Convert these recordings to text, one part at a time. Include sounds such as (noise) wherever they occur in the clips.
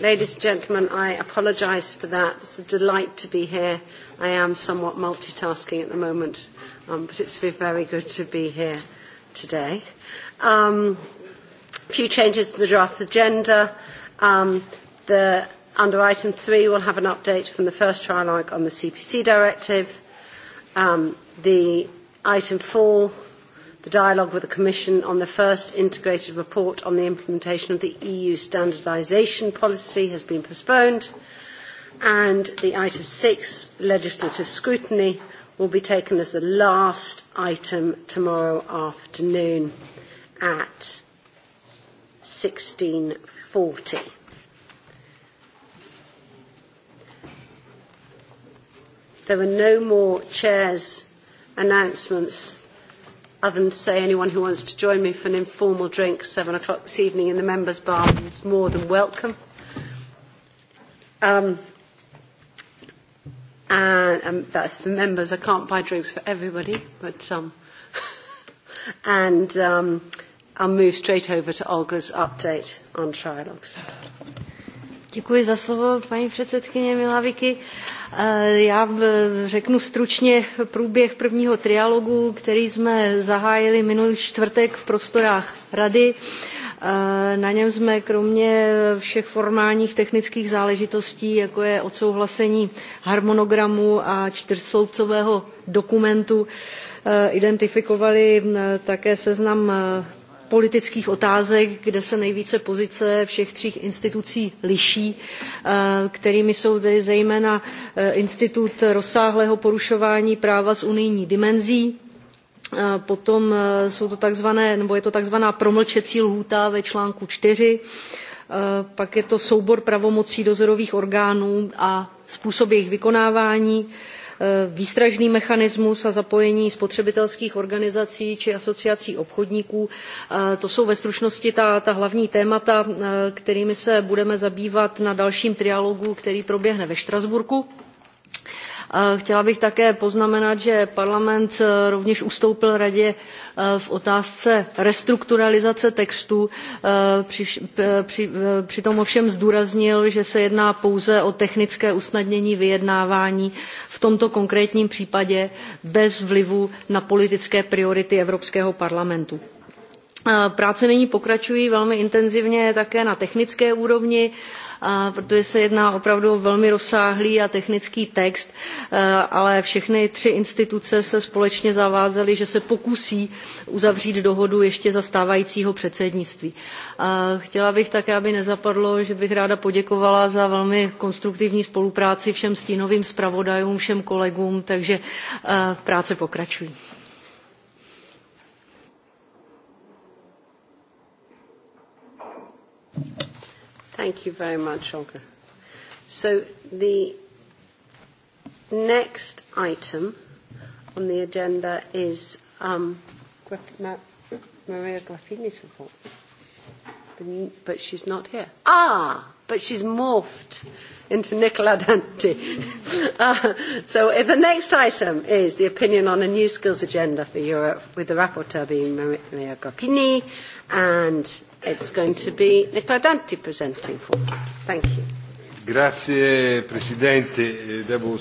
Ladies and gentlemen, I apologize for that. It's a delight to be here. I am somewhat multitasking at the moment, um, but it's been very good to be here today. A Um, few changes to the draft agenda. Um, the, under item three, we'll have an update from the first trialogue on the CPC directive. Um, the item four the dialogue with the Commission on the first integrated report on the implementation of the EU standardisation policy has been postponed, and the item six, legislative scrutiny, will be taken as the last item tomorrow afternoon at 16.40. There were no more chairs announcements other than to say anyone who wants to join me for an informal drink seven o'clock this evening in the members' bar is more than welcome. Um, and um, that's for members. I can't buy drinks for everybody, but um, (laughs) and um, I'll move straight over to Olga's update on trialogues. Děkuji za slovo, paní předsedkyně Milaviky. Eh, já eh, řeknu stručně průběh prvního trialogu, který jsme zahájili minulý čtvrtek v prostorách rady. Eh, na něm jsme kromě všech formálních technických záležitostí, jako je odsouhlasení harmonogramu a čtyřsloupcového dokumentu, identifikovali také seznam politických otázek, kde se nejvíce pozice všech tří institucí liší, eh, kterými jsou tedy zejména eh, institut rozsáhlého porušování práva s unijní dimenzí, eh, potom jsou to takzvané, nebo je to takzvaná promlčecí lhůta ve článku 4, pak je to soubor pravomocí dozorových orgánů a způsob jejich vykonávání, E, výstražný mechanismus a zapojení spotřebitelských organizací či asociací obchodníků. E, to jsou ve stručnosti ta, ta hlavní témata, e, kterými se budeme zabývat na dalším trialogu, který proběhne ve Štrasburku Chtěla bych také poznamenat, že parlament eh, rovněž ustoupil radě eh, v otázce restrukturalizace textu. Eh, přitom při, při ovšem zdůraznil, že se jedná pouze o technické usnadnění vyjednávání v tomto konkrétním případě bez vlivu na politické priority Evropského parlamentu. Práce nyní pokračují velmi intenzivně také na technické úrovni protože se jedná opravdu o velmi rozsáhlý a technický text, eh, ale všechny tři instituce se společně zavázaly, že se pokusí uzavřít dohodu ještě za stávajícího předsednictví. Eh, chtěla bych také, aby nezapadlo, že bych ráda poděkovala za velmi konstruktivní spolupráci všem stínovým zpravodajům, všem kolegům, takže eh, práce pokračují. Thank you very much, Olga. So the next item on the agenda is um, Maria Graffini's report. But she's not here. Ah, but she's morphed into Nicola Dante. (laughs) uh, so if the next item is the opinion on a new skills agenda for Europe, with the rapporteur being Maria Grappini and it's going to be Nicola Danti presenting for. Thank you. Grazie Presidente, eh, devo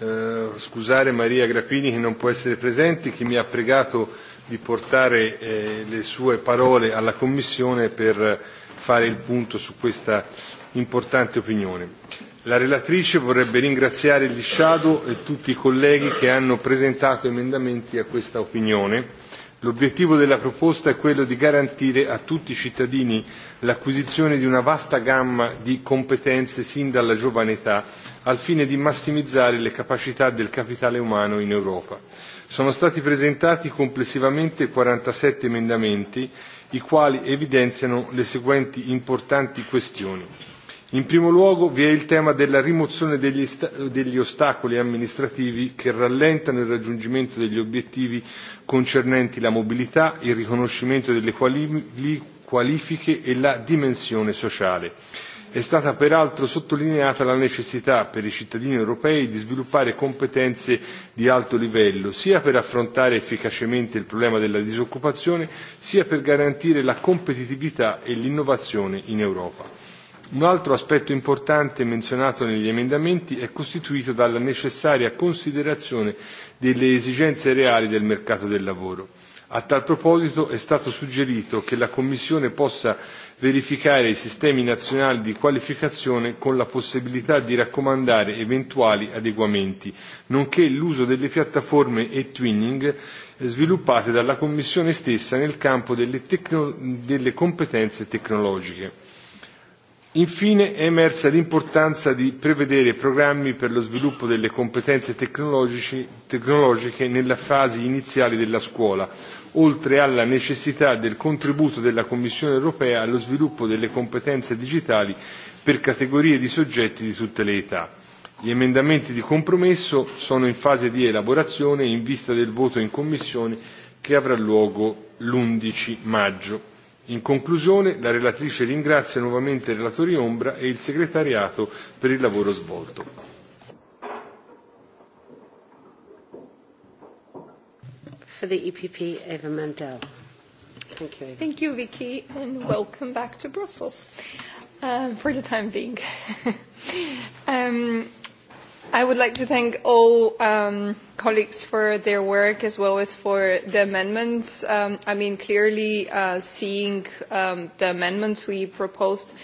eh, scusare Maria Grappini che non può essere presente, che mi ha pregato di portare eh, le sue parole alla Commissione per fare il punto su questa importante opinione. La relatrice vorrebbe ringraziare gli Shadow e tutti i colleghi che hanno presentato emendamenti a questa opinione L'obiettivo della proposta è quello di garantire a tutti i cittadini l'acquisizione di una vasta gamma di competenze sin dalla giovane età, al fine di massimizzare le capacità del capitale umano in Europa. Sono stati presentati complessivamente 47 emendamenti, i quali evidenziano le seguenti importanti questioni In primo luogo vi è il tema della rimozione degli, degli ostacoli amministrativi che rallentano il raggiungimento degli obiettivi concernenti la mobilità, il riconoscimento delle quali, qualifiche e la dimensione sociale. È stata peraltro sottolineata la necessità per i cittadini europei di sviluppare competenze di alto livello, sia per affrontare efficacemente il problema della disoccupazione, sia per garantire la competitività e l'innovazione in Europa Un altro aspetto importante menzionato negli emendamenti è costituito dalla necessaria considerazione delle esigenze reali del mercato del lavoro. A tal proposito è stato suggerito che la Commissione possa verificare i sistemi nazionali di qualificazione con la possibilità di raccomandare eventuali adeguamenti, nonché l'uso delle piattaforme e-twinning sviluppate dalla Commissione stessa nel campo delle, tecno- delle competenze tecnologiche. Infine è emersa l'importanza di prevedere programmi per lo sviluppo delle competenze tecnologiche nella fase iniziale della scuola, oltre alla necessità del contributo della Commissione europea allo sviluppo delle competenze digitali per categorie di soggetti di tutte le età. Gli emendamenti di compromesso sono in fase di elaborazione in vista del voto in Commissione che avrà luogo l'11 maggio. In conclusione, la relatrice ringrazia nuovamente i relatori ombra e il segretariato per il lavoro svolto. for the EPP, Eva Mandel. Thank you, Eva. Thank you, Vicky, and welcome back to Brussels uh, for the time being. (laughs) um, I would like to thank all um, colleagues for their work as well as for the amendments. Um, I mean, clearly uh, seeing um, the amendments we proposed,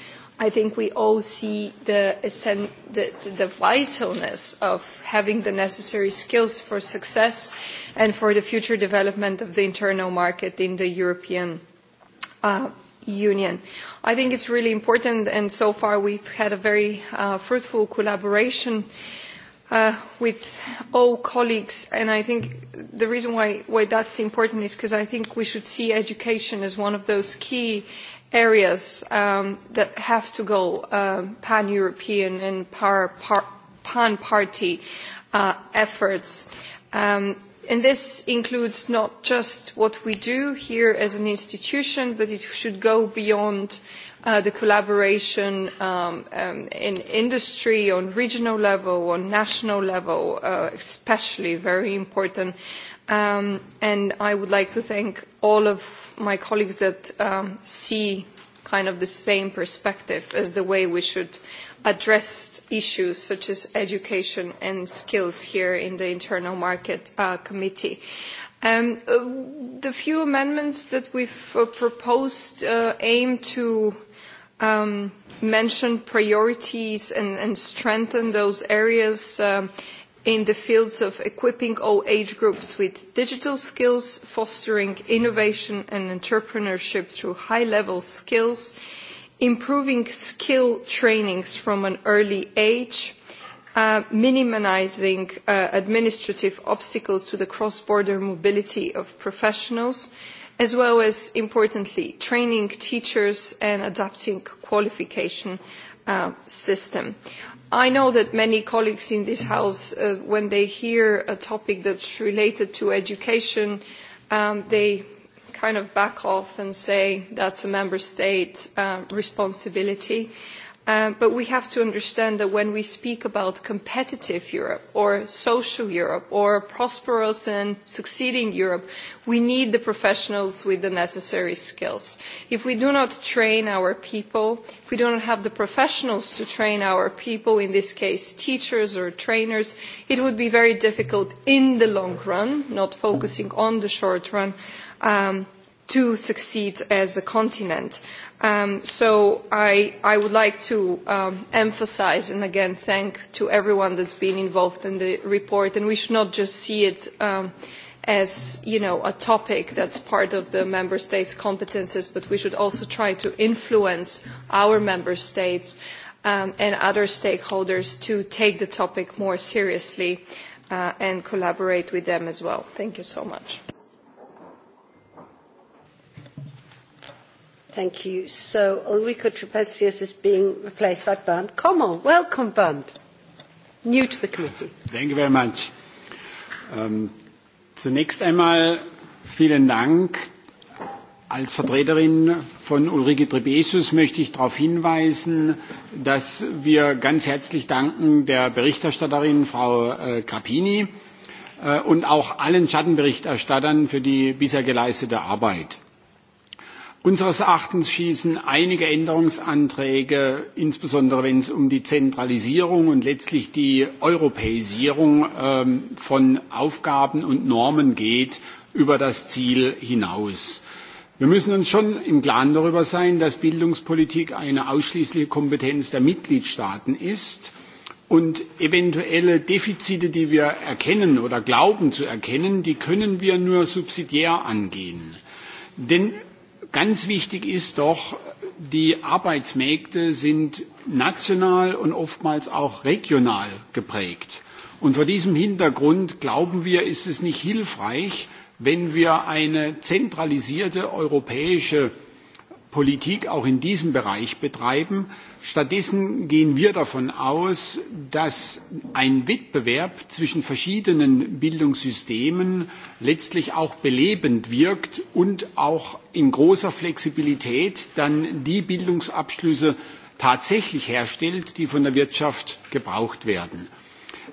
I think we all see the, the, the vitalness of having the necessary skills for success and for the future development of the internal market in the European uh, Union. I think it's really important, and so far we've had a very uh, fruitful collaboration. Uh, uh, with all colleagues, and I think the reason why, why that's important is because I think we should see education as one of those key areas um, that have to go um, pan-European and pan-party uh, efforts. Um, and this includes not just what we do here as an institution, but it should go beyond Uh, the collaboration um, um, in industry on regional level, on national level, uh, especially very important. Um, and I would like to thank all of my colleagues that um, see kind of the same perspective as the way we should address issues such as education and skills here in the Internal Market uh, Committee. Um, uh, the few amendments that we've uh, proposed uh, aim to um, mention priorities and, and strengthen those areas um, in the fields of equipping all age groups with digital skills, fostering innovation and entrepreneurship through high-level skills, improving skill trainings from an early age, uh, minimizing uh, administrative obstacles to the cross-border mobility of professionals, as well as, importantly, training teachers and adapting qualification uh, system. I know that many colleagues in this House, uh, when they hear a topic that's related to education, um, they kind of back off and say that's a member state uh, responsibility. Uh, Uh, but we have to understand that when we speak about competitive Europe or social Europe or prosperous and succeeding Europe, we need the professionals with the necessary skills. If we do not train our people, if we do not have the professionals to train our people, in this case teachers or trainers, it would be very difficult in the long run, not focusing on the short run, um, to succeed as a continent. Um, so I, I, would like to um, emphasise and again thank to everyone that's been involved in the report. And we should not just see it um, as you know a topic that's part of the member states' competences, but we should also try to influence our member states um, and other stakeholders to take the topic more seriously uh, and collaborate with them as well. Thank you so much. Thank you. So Ulrico Trapezius is being replaced by Bernd Kommel. Welcome, Bernd. New to the committee. Thank you very much. Ähm, zunächst einmal vielen Dank. Als Vertreterin von Ulrike Trebesius möchte ich darauf hinweisen, dass wir ganz herzlich danken der Berichterstatterin Frau äh, Grappini äh, und auch allen Schattenberichterstattern für die bisher geleistete Arbeit. Unseres Erachtens schießen einige Änderungsanträge, insbesondere wenn es um die Zentralisierung und letztlich die Europäisierung ähm, von Aufgaben und Normen geht, über das Ziel hinaus. Wir müssen uns schon im Klaren darüber sein, dass Bildungspolitik eine ausschließliche Kompetenz der Mitgliedstaaten ist und eventuelle Defizite, die wir erkennen oder glauben zu erkennen, die können wir nur subsidiär angehen. Denn Ganz wichtig ist doch, die Arbeitsmärkte sind national und oftmals auch regional geprägt. Und vor diesem Hintergrund glauben wir, ist es nicht hilfreich, wenn wir eine zentralisierte europäische Politik auch in diesem Bereich betreiben. Stattdessen gehen wir davon aus, dass ein Wettbewerb zwischen verschiedenen Bildungssystemen letztlich auch belebend wirkt und auch in großer Flexibilität dann die Bildungsabschlüsse tatsächlich herstellt, die von der Wirtschaft gebraucht werden.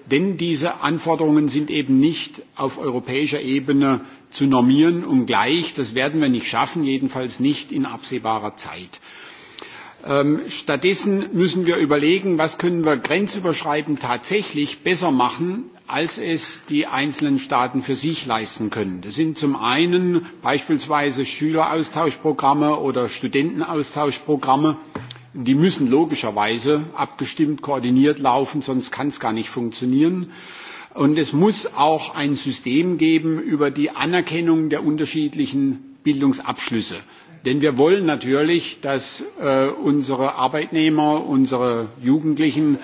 Denn diese Anforderungen sind eben nicht auf europäischer Ebene zu normieren und gleich. Das werden wir nicht schaffen, jedenfalls nicht in absehbarer Zeit. Ähm, stattdessen müssen wir überlegen, was können wir grenzüberschreitend tatsächlich besser machen, als es die einzelnen Staaten für sich leisten können. Das sind zum einen beispielsweise Schüleraustauschprogramme oder Studentenaustauschprogramme. Die müssen logischerweise abgestimmt, koordiniert laufen, sonst kann es gar nicht funktionieren. Und es muss auch ein System geben über die Anerkennung der unterschiedlichen Bildungsabschlüsse. Denn wir wollen natürlich, dass äh, unsere Arbeitnehmer, unsere Jugendlichen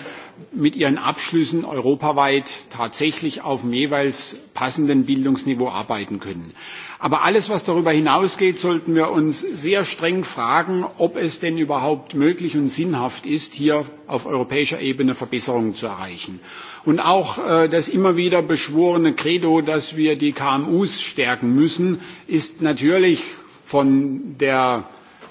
mit ihren Abschlüssen europaweit tatsächlich auf dem jeweils passenden Bildungsniveau arbeiten können. Aber alles, was darüber hinausgeht, sollten wir uns sehr streng fragen, ob es denn überhaupt möglich und sinnhaft ist, hier auf europäischer Ebene Verbesserungen zu erreichen und auch äh, das immer wieder beschworene Credo, dass wir die KMUs stärken müssen, ist natürlich von der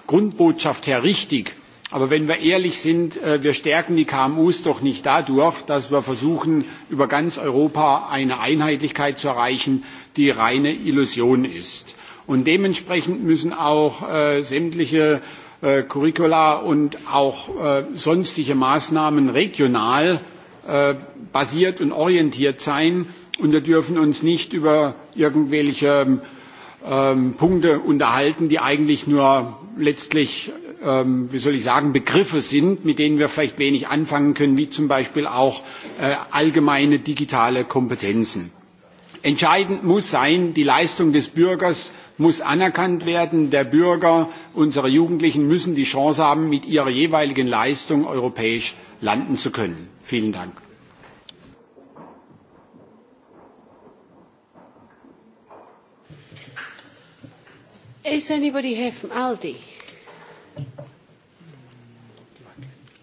Grundbotschaft her richtig. Aber wenn wir ehrlich sind, äh, wir stärken die KMUs doch nicht dadurch, dass wir versuchen, über ganz Europa eine Einheitlichkeit zu erreichen, die reine Illusion ist. Und dementsprechend müssen auch äh, sämtliche äh, Curricula und auch äh, sonstige Maßnahmen regional Äh, basiert und orientiert sein. Und wir dürfen uns nicht über irgendwelche ähm, Punkte unterhalten, die eigentlich nur letztlich, ähm, wie soll ich sagen, Begriffe sind, mit denen wir vielleicht wenig anfangen können, wie zum Beispiel auch äh, allgemeine digitale Kompetenzen. Entscheidend muss sein, die Leistung des Bürgers muss anerkannt werden. Der Bürger, unsere Jugendlichen müssen die Chance haben, mit ihrer jeweiligen Leistung europäisch landen zu können. Vielen Dank. Is anybody here from Aldi?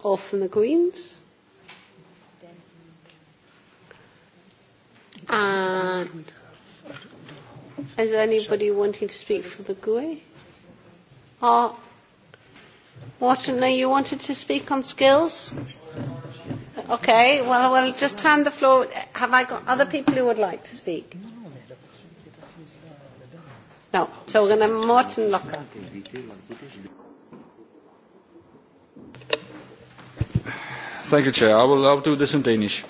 Or from the Greens? And is anybody wanting to speak for the GUE? Or ah, Wharton, you wanted to speak on skills? Okay, well, we'll just hand the floor. Have I got other people who would like to speak? No. So we're going to Morten Locker. Thank you, Chair. I will, I will do this in Danish.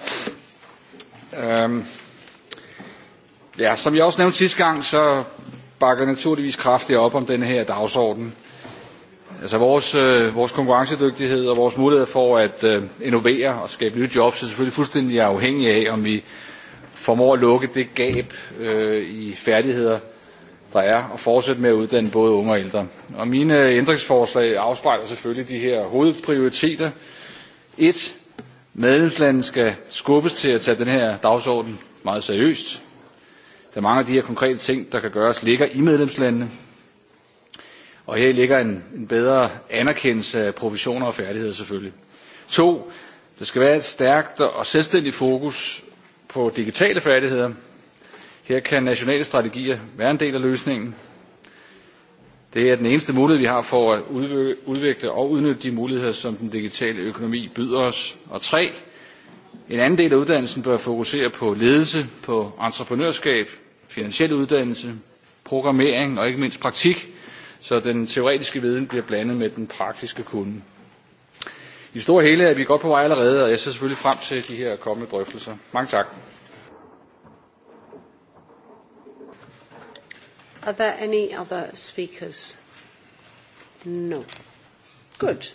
Um, ja, som jeg også nævnte sidste gang, så bakker jeg naturligvis kraftigt op om denne her dagsorden altså vores, øh, vores konkurrencedygtighed og vores mulighed for at øh, innovere og skabe nye jobs er selvfølgelig fuldstændig afhængige af, om vi formår at lukke det gab øh, i færdigheder, der er, og fortsætte med at uddanne både unge og ældre. Og mine øh, ændringsforslag afspejler selvfølgelig de her hovedprioriteter. Et, Medlemslandene skal skubbes til at tage den her dagsorden meget seriøst. Der er mange af de her konkrete ting, der kan gøres, ligger i medlemslandene. Og her ligger en, en bedre anerkendelse af professioner og færdigheder selvfølgelig. To, der skal være et stærkt og selvstændigt fokus på digitale færdigheder. Her kan nationale strategier være en del af løsningen. Det er den eneste mulighed, vi har for at udvikle og udnytte de muligheder, som den digitale økonomi byder os. Og tre, en anden del af uddannelsen bør fokusere på ledelse, på entreprenørskab, finansiel uddannelse, programmering og ikke mindst praktik, så den teoretiske viden bliver blandet med den praktiske kunde. I det store hele er vi godt på vej allerede, og jeg ser selvfølgelig frem til de her kommende drøftelser. Mange tak. Are there any other speakers? No. Good.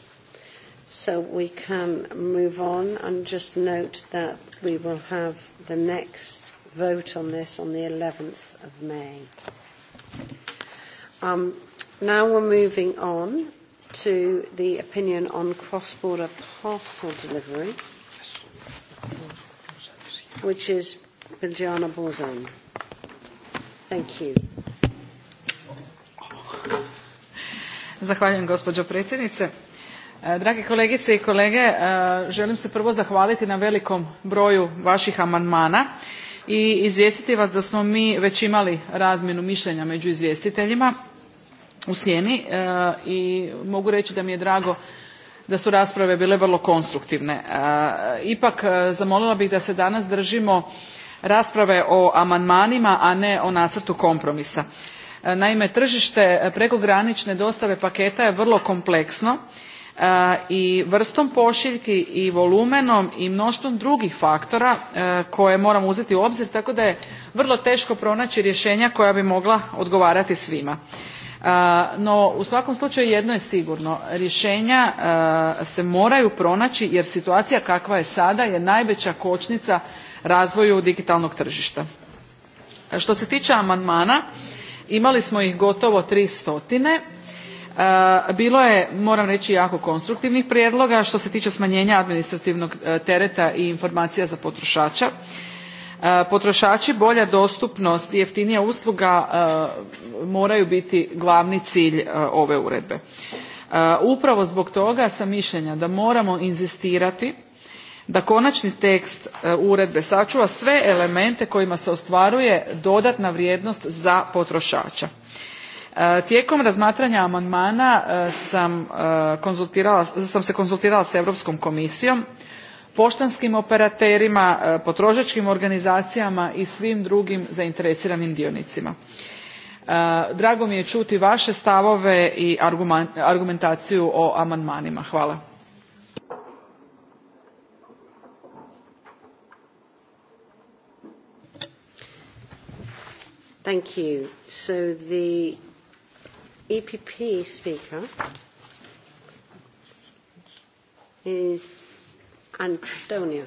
So we can move on and just note that we will have the next vote on this on the 11th of May. Um, Now we're moving on to the opinion on cross-border parcel delivery, which is Biljana Borzan. Thank you. Zahvaljujem gospođo predsjednice. E, Dragi kolegice i kolege, e, želim se prvo zahvaliti na velikom broju vaših amandmana i izvijestiti vas da smo mi već imali razmjenu mišljenja među izvjestiteljima u sjeni e, i mogu reći da mi je drago da su rasprave bile vrlo konstruktivne. E, ipak e, zamolila bih da se danas držimo rasprave o amandmanima, a ne o nacrtu kompromisa. Naime, tržište prekogranične dostave paketa je vrlo kompleksno i vrstom pošiljki i volumenom i mnoštvom drugih faktora koje moram uzeti u obzir, tako da je vrlo teško pronaći rješenja koja bi mogla odgovarati svima. No, u svakom slučaju jedno je sigurno, rješenja se moraju pronaći jer situacija kakva je sada je najveća kočnica razvoju digitalnog tržišta. Što se tiče amandmana, imali smo ih gotovo tri stotine. Bilo je, moram reći, jako konstruktivnih prijedloga što se tiče smanjenja administrativnog e, tereta i informacija za potrošača. E, potrošači bolja dostupnost i jeftinija usluga e, moraju biti glavni cilj e, ove uredbe. Upravo zbog toga sam mišljenja da moramo inzistirati da konačni tekst uredbe sačuva sve elemente kojima se ostvaruje dodatna vrijednost za potrošača. Tijekom razmatranja amandmana sam, sam se konzultirala s Europskom komisijom poštanskim operaterima e, potrošačkim organizacijama i svim drugim zainteresiranim dionicima. E, drago mi je čuti vaše stavove i argumentaciju o amandmanima. hvala. Thank you. So the EPP speaker is Antonio.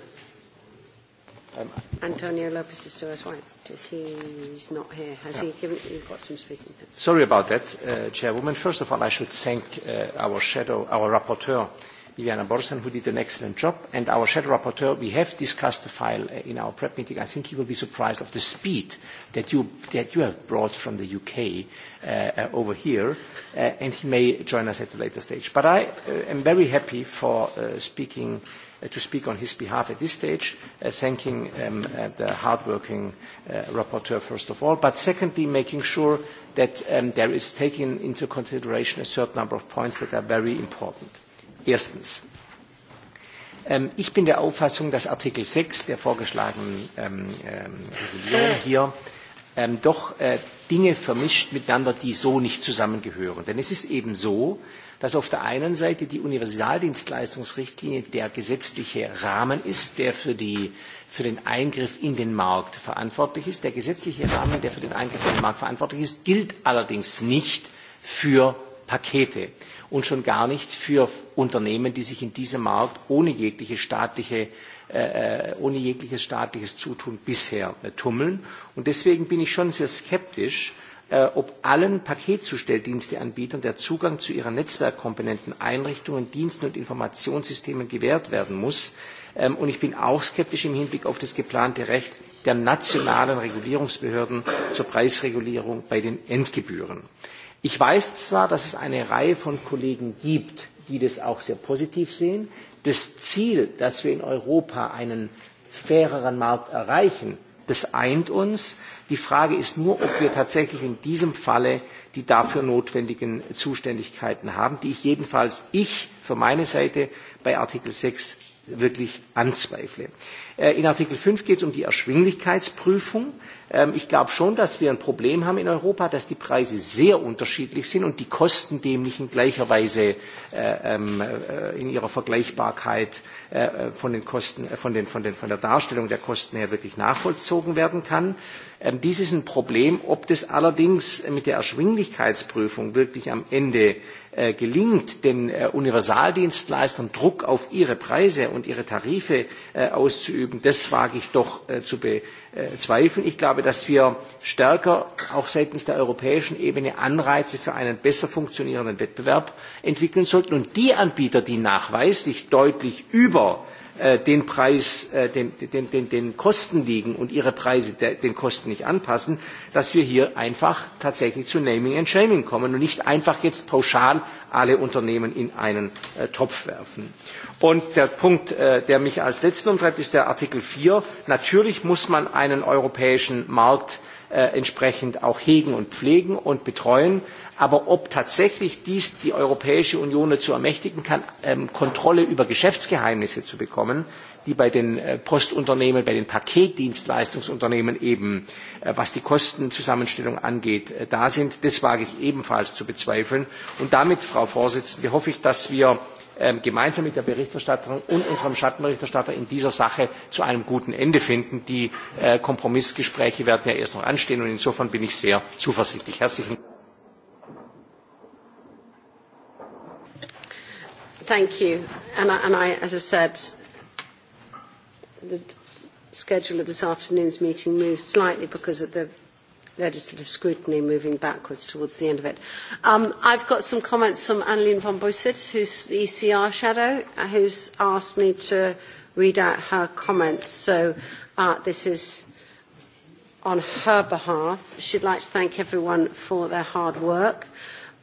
Um, Antonio Lopez is still white. he's not here. Has yeah. he given, you've got some speaking. Sorry about that, uh, Chairwoman. First of all, I should thank uh, our shadow, our rapporteur, Viviana Borsen, who did an excellent job, and our shadow rapporteur. We have discussed the file uh, in our prep meeting. I think you will be surprised of the speed that you, that you have brought from the UK uh, uh, over here, uh, and he may join us at a later stage. But I uh, am very happy for uh, speaking Uh, to speak on his behalf at this stage, uh, thanking um, uh, the hardworking uh, rapporteur, first of all, but secondly, making sure that um, there is taken into consideration a certain number of points that are very important. Erstens. Ähm, ich bin der Auffassung, dass Artikel 6 der vorgeschlagenen ähm, ähm, Regulierung hier ähm, doch äh, Dinge vermischt miteinander, die so nicht zusammengehören. Denn es ist eben so, dass auf der einen Seite die Universaldienstleistungsrichtlinie der gesetzliche Rahmen ist, der für, die, für den Eingriff in den Markt verantwortlich ist. Der gesetzliche Rahmen, der für den Eingriff in den Markt verantwortlich ist, gilt allerdings nicht für Pakete und schon gar nicht für Unternehmen, die sich in diesem Markt ohne, jegliche staatliche, äh, äh ohne jegliches staatliches Zutun bisher äh, tummeln. Und deswegen bin ich schon sehr skeptisch, Äh, ob allen Paketzustelldiensteanbietern der Zugang zu ihren Netzwerkkomponenten, Einrichtungen, Diensten und Informationssystemen gewährt werden muss. Ähm, und ich bin auch skeptisch im Hinblick auf das geplante Recht der nationalen Regulierungsbehörden zur Preisregulierung bei den Endgebühren. Ich weiß zwar, dass es eine Reihe von Kollegen gibt, die das auch sehr positiv sehen. Das Ziel, dass wir in Europa einen faireren Markt erreichen, Das eint uns. Die Frage ist nur, ob wir tatsächlich in diesem Falle die dafür notwendigen Zuständigkeiten haben, die ich jedenfalls ich für meine Seite bei Artikel 6 wirklich anzweifle. Äh, in Artikel 5 geht es um die Erschwinglichkeitsprüfung. Ähm, ich glaube schon, dass wir ein Problem haben in Europa, dass die Preise sehr unterschiedlich sind und die Kosten dem nicht in gleicher Weise äh, ähm, äh, in ihrer Vergleichbarkeit von den Kosten, von, den, von, den, von der Darstellung der Kosten her wirklich nachvollzogen werden kann. Ähm, dies ist ein Problem. Ob das allerdings mit der Erschwinglichkeitsprüfung wirklich am Ende Äh, gelingt, den äh, Universaldienstleistern Druck auf ihre Preise und ihre Tarife äh, auszuüben, das wage ich doch zu bezweifeln. Ich glaube, dass wir stärker auch seitens der europäischen Ebene Anreize für einen besser funktionierenden Wettbewerb entwickeln sollten und die Anbieter, die nachweislich deutlich über Äh, den Preis, äh, den, den, den, den Kosten liegen und ihre Preise den Kosten nicht anpassen, dass wir hier einfach tatsächlich zu Naming and Shaming kommen und nicht einfach jetzt pauschal alle Unternehmen in einen äh, Topf werfen. Und der Punkt, der mich als letzten umtreibt, ist der Artikel 4. Natürlich muss man einen europäischen Markt Äh, entsprechend auch hegen und pflegen und betreuen. Aber ob tatsächlich dies die Europäische Union dazu ermächtigen kann, ähm, Kontrolle über Geschäftsgeheimnisse zu bekommen, die bei den äh, Postunternehmen, bei den Paketdienstleistungsunternehmen eben, äh, was die Kostenzusammenstellung angeht, da sind, das wage ich ebenfalls zu bezweifeln. Und damit, Frau Vorsitzende, hoffe ich, dass wir Ähm, gemeinsam mit der Berichterstatterin und unserem Schattenberichterstatter in dieser Sache zu einem guten Ende finden. Die äh, Kompromissgespräche werden ja erst noch anstehen und insofern bin ich sehr zuversichtlich. Herzlichen Dank. Thank you. And I, and I, as I said, the schedule of this afternoon's meeting moved slightly because of the legislative scrutiny moving backwards towards the end of it. Um, I've got some comments from Annelien van Boisset, who's the ECR shadow, uh, who's asked me to read out her comments. So uh, this is on her behalf. She'd like to thank everyone for their hard work,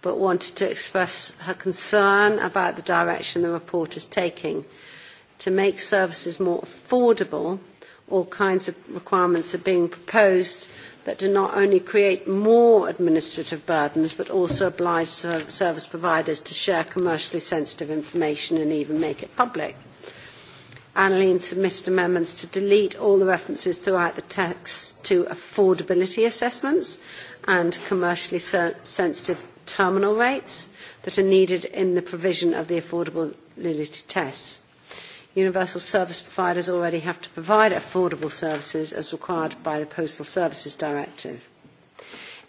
but wanted to express her concern about the direction the report is taking. To make services more affordable, all kinds of requirements are being proposed that do not only create more administrative burdens but also oblige service providers to share commercially sensitive information and even make it public. Annalene submitted amendments to delete all the references throughout the text to affordability assessments and commercially sensitive terminal rates that are needed in the provision of the affordability tests universal service providers already have to provide affordable services as required by the Postal Services Directive.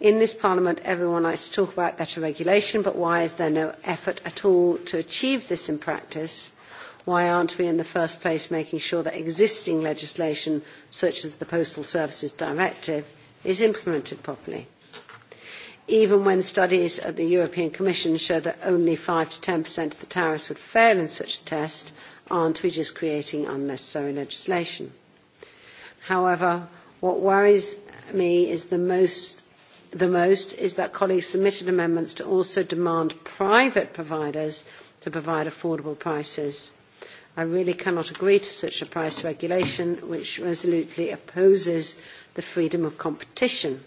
In this Parliament, everyone likes to talk about better regulation, but why is there no effort at all to achieve this in practice? Why aren't we in the first place making sure that existing legislation, such as the Postal Services Directive, is implemented properly? Even when studies at the European Commission show that only 5 to 10% of the tariffs would fail in such a test, aren't we just creating unnecessary legislation? However, what worries me is the most the most is that colleagues submitted amendments to also demand private providers to provide affordable prices. I really cannot agree to such a price regulation which resolutely opposes the freedom of competition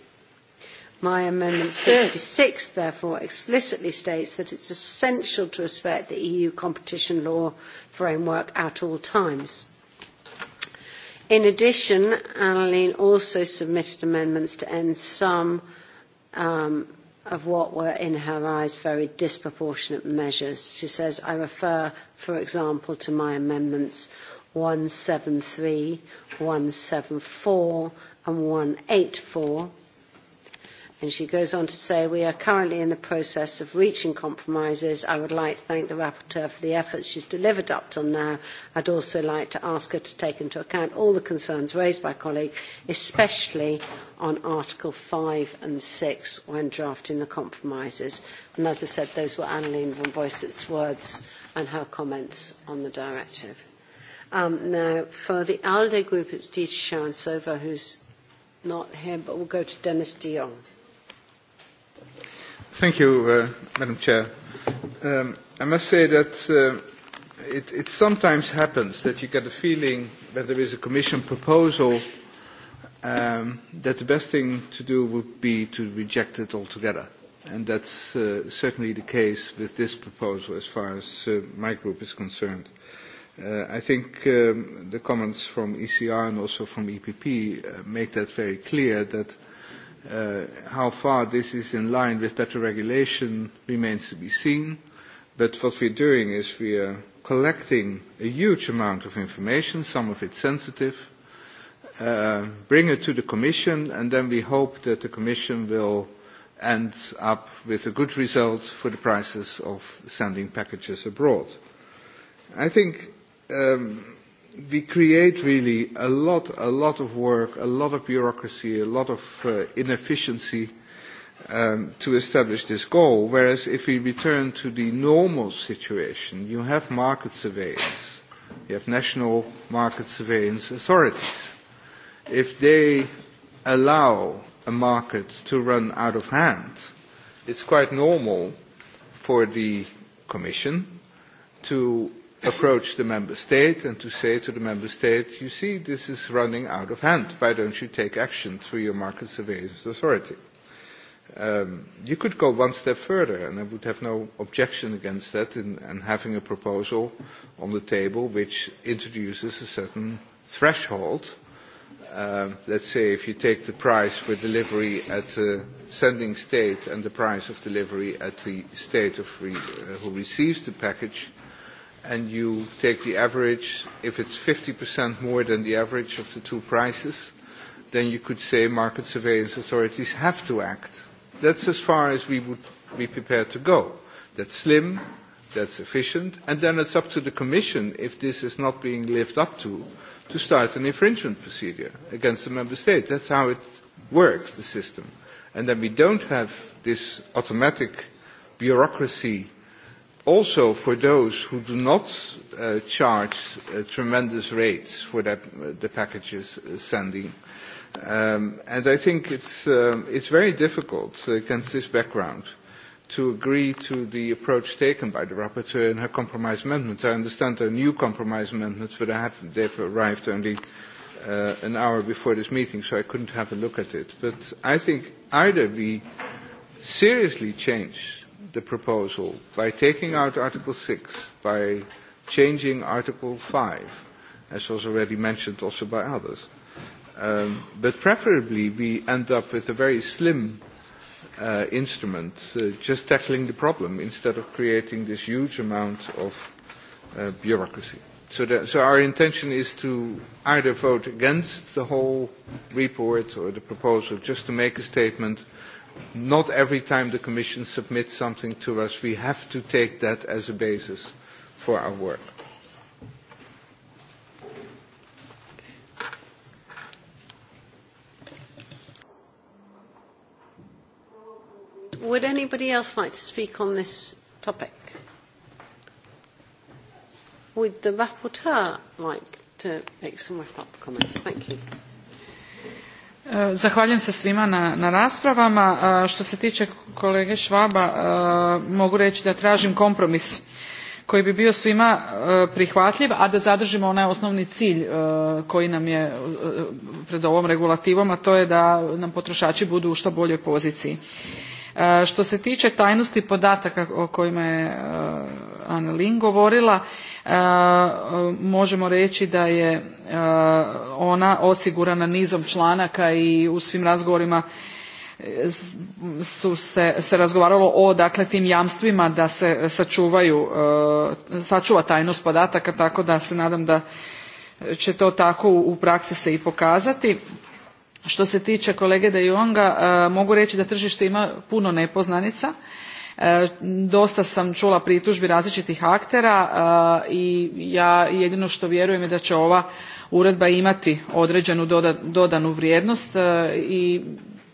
My Amendment 66, therefore, explicitly states that it's essential to respect the EU competition law framework at all times. In addition, Annalene also submitted amendments to end some um, of what were, in her eyes, very disproportionate measures. She says, I refer, for example, to my amendments 173, 174, and 184 And she goes on to say, we are currently in the process of reaching compromises. I would like to thank the rapporteur for the efforts she's delivered up till now. I'd also like to ask her to take into account all the concerns raised by colleagues, especially on Article 5 and 6 when drafting the compromises. And as I said, those were Annelien von Boyce's words and her comments on the directive. Um, now, for the ALDE group, it's Dieter Schoensover, who's not here, but we'll go to Dennis de Jong. Thank you, uh, Madam Chair. Um, I must say that uh, it, it sometimes happens that you get a feeling that there is a Commission proposal um, that the best thing to do would be to reject it altogether. And that's uh, certainly the case with this proposal as far as uh, my group is concerned. Uh, I think um, the comments from ECR and also from EPP uh, make that very clear that Uh, how far this is in line with better regulation remains to be seen, but what we're doing is we are collecting a huge amount of information, some of it sensitive, uh, bring it to the Commission, and then we hope that the Commission will end up with a good result for the prices of sending packages abroad. I think um, we create really a lot, a lot of work, a lot of bureaucracy, a lot of uh, inefficiency um, to establish this goal. Whereas if we return to the normal situation, you have market surveillance, you have national market surveillance authorities. If they allow a market to run out of hand, it's quite normal for the Commission to approach the member state and to say to the member state, you see, this is running out of hand. Why don't you take action through your market surveillance authority? Um, you could go one step further, and I would have no objection against that, in, and having a proposal on the table which introduces a certain threshold. Uh, let's say if you take the price for delivery at the sending state and the price of delivery at the state of re, uh, who receives the package, uh, and you take the average, if it's 50% more than the average of the two prices, then you could say market surveillance authorities have to act. That's as far as we would be prepared to go. That's slim, that's efficient, and then it's up to the Commission, if this is not being lived up to, to start an infringement procedure against the Member State. That's how it works, the system. And then we don't have this automatic bureaucracy also for those who do not uh, charge uh, tremendous rates for that, uh, the packages uh, sending. Um, and I think it's, uh, it's very difficult uh, against this background to agree to the approach taken by the rapporteur in her compromise amendments. I understand there are new compromise amendments, but I have, they've arrived only uh, an hour before this meeting, so I couldn't have a look at it. But I think either we seriously change the proposal by taking out Article 6, by changing Article 5, as was already mentioned also by others. Um, but preferably we end up with a very slim uh, instrument uh, just tackling the problem instead of creating this huge amount of uh, bureaucracy. So, that, so our intention is to either vote against the whole report or the proposal just to make a statement not every time the Commission submits something to us, we have to take that as a basis for our work. Would anybody else like to speak on this topic? Would the rapporteur like to make some wrap-up comments? Thank you. E, zahvaljujem se svima na, na raspravama. A e, što se tiče kolege Švaba, e, mogu reći da tražim kompromis koji bi bio svima prihvatljiv, a da zadržimo onaj osnovni cilj koji nam je pred ovom regulativom, a to je da nam potrošači budu u što boljoj poziciji. E, što se tiče tajnosti podataka o kojima je e, Anne Lin govorila, e, možemo reći da je ona osigurana nizom članaka i u svim razgovorima su se, se razgovaralo o dakle tim jamstvima da se sačuvaju, sačuva tajnost podataka, tako da se nadam da će to tako u praksi se i pokazati. Što se tiče kolege De Jonga, e, mogu reći da tržište ima puno nepoznanica. E, dosta sam čula pritužbi različitih aktera e, i ja jedino što vjerujem je da će ova uredba imati određenu dodanu vrijednost i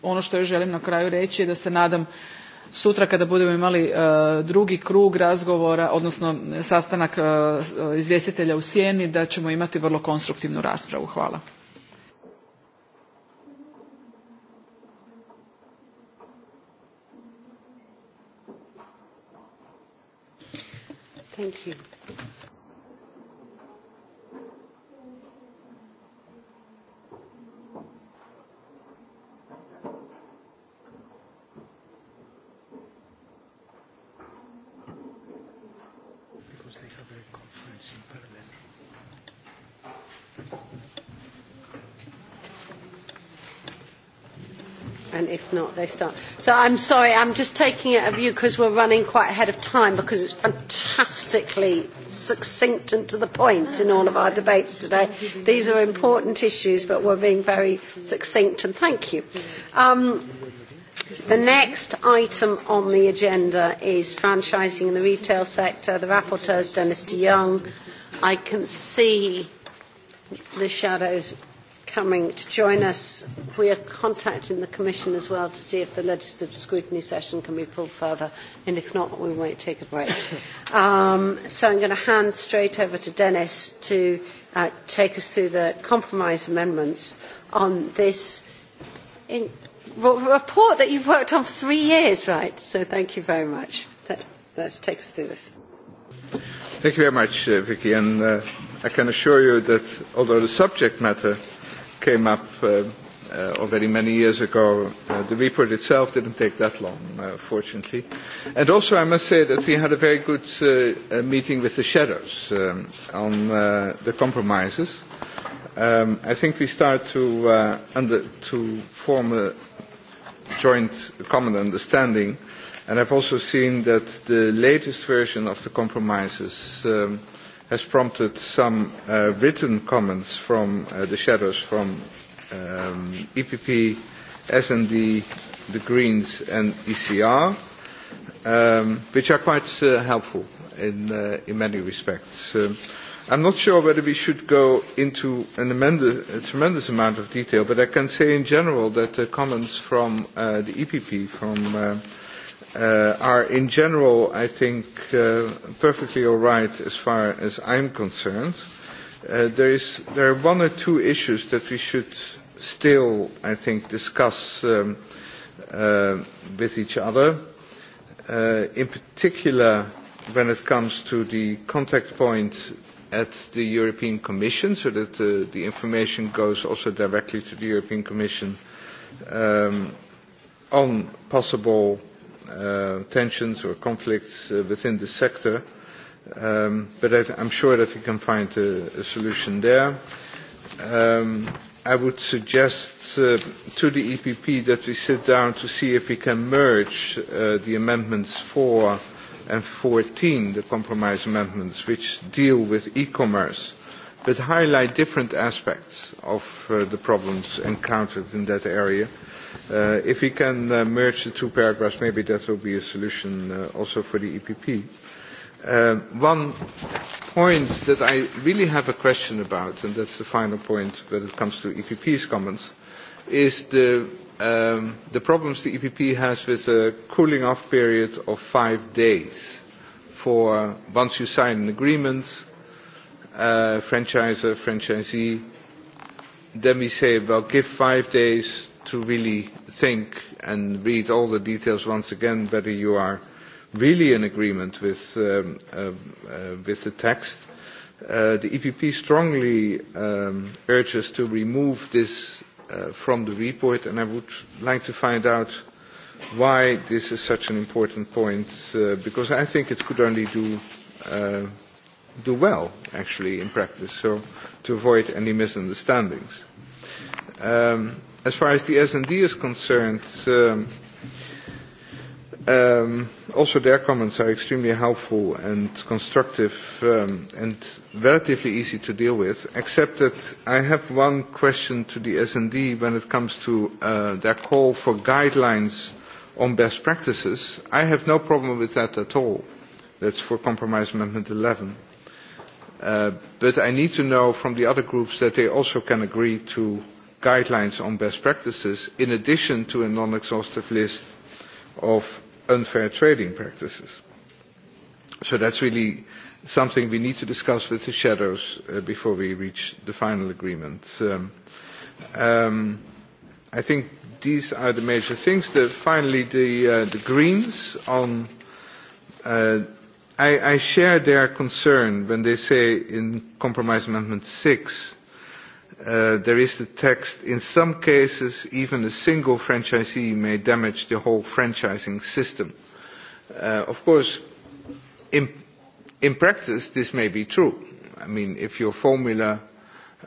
ono što još želim na kraju reći je da se nadam sutra kada budemo imali drugi krug razgovora, odnosno sastanak izvjestitelja u sjeni, da ćemo imati vrlo konstruktivnu raspravu. Hvala. Thank you. not, they start. So I'm sorry, I'm just taking it of you because we're running quite ahead of time because it's fantastically succinct and to the point in all of our debates today. These are important issues, but we're being very succinct, and thank you. Um, the next item on the agenda is franchising in the retail sector. The rapporteur is Dennis DeYoung. I can see the shadows coming to join us. We are contacting the Commission as well to see if the legislative scrutiny session can be pulled further, and if not, we might take a break. (laughs) um, so I'm going to hand straight over to Dennis to uh, take us through the compromise amendments on this in, report that you've worked on for three years, right? So thank you very much. That, let's take us through this. Thank you very much, uh, Vicky. And, uh, I can assure you that although the subject matter came up uh, uh, already many years ago. Uh, the report itself didn't take that long, uh, fortunately. And also, I must say that we had a very good uh, uh, meeting with the shadows um, on uh, the compromises. Um, I think we start to, uh, under, to form a joint common understanding. And I've also seen that the latest version of the compromises um, has prompted some uh, written comments from uh, the shadows from um, EPP, SND, the Greens and ECR, um, which are quite uh, helpful in, uh, in many respects. Um, I'm not sure whether we should go into an amend- a tremendous amount of detail, but I can say in general that the comments from uh, the EPP, from uh, uh, are in general, I think, uh, perfectly all right as far as I'm concerned. Uh, there, is, there are one or two issues that we should still, I think, discuss um, uh, with each other. Uh, in particular, when it comes to the contact point at the European Commission, so that uh, the information goes also directly to the European Commission um, on possible Uh, tensions or conflicts uh, within the sector, um, but I I'm sure that we can find a, a solution there. Um, I would suggest uh, to the EPP that we sit down to see if we can merge uh, the amendments 4 and 14, the compromise amendments, which deal with e-commerce, but highlight different aspects of uh, the problems encountered in that area Uh, if we can uh, merge the two paragraphs, maybe that will be a solution uh, also for the EPP. Uh, one point that I really have a question about, and that's the final point when it comes to EPP's comments, is the, um, the problems the EPP has with a cooling off period of five days for once you sign an agreement, uh, franchisor, franchisee, then we say, well, give five days to really think and read all the details once again whether you are really in agreement with, um, uh, uh, with the text. Uh, the EPP strongly um, urges to remove this uh, from the report, and I would like to find out why this is such an important point, uh, because I think it could only do, uh, do well, actually, in practice, so to avoid any misunderstandings. Um, as far as the S&D is concerned, um, um, also their comments are extremely helpful and constructive um, and relatively easy to deal with, except that I have one question to the S&D when it comes to uh, their call for guidelines on best practices. I have no problem with that at all. That's for Compromise Amendment 11. Uh, but I need to know from the other groups that they also can agree to guidelines on best practices in addition to a non-exhaustive list of unfair trading practices. So that's really something we need to discuss with the shadows uh, before we reach the final agreement. Um, um, I think these are the major things. The, finally, the, uh, the Greens on... Uh, I, I share their concern when they say in Compromise Amendment 6 uh, there is the text, in some cases, even a single franchisee may damage the whole franchising system. Uh, of course, in, in practice, this may be true. I mean, if your formula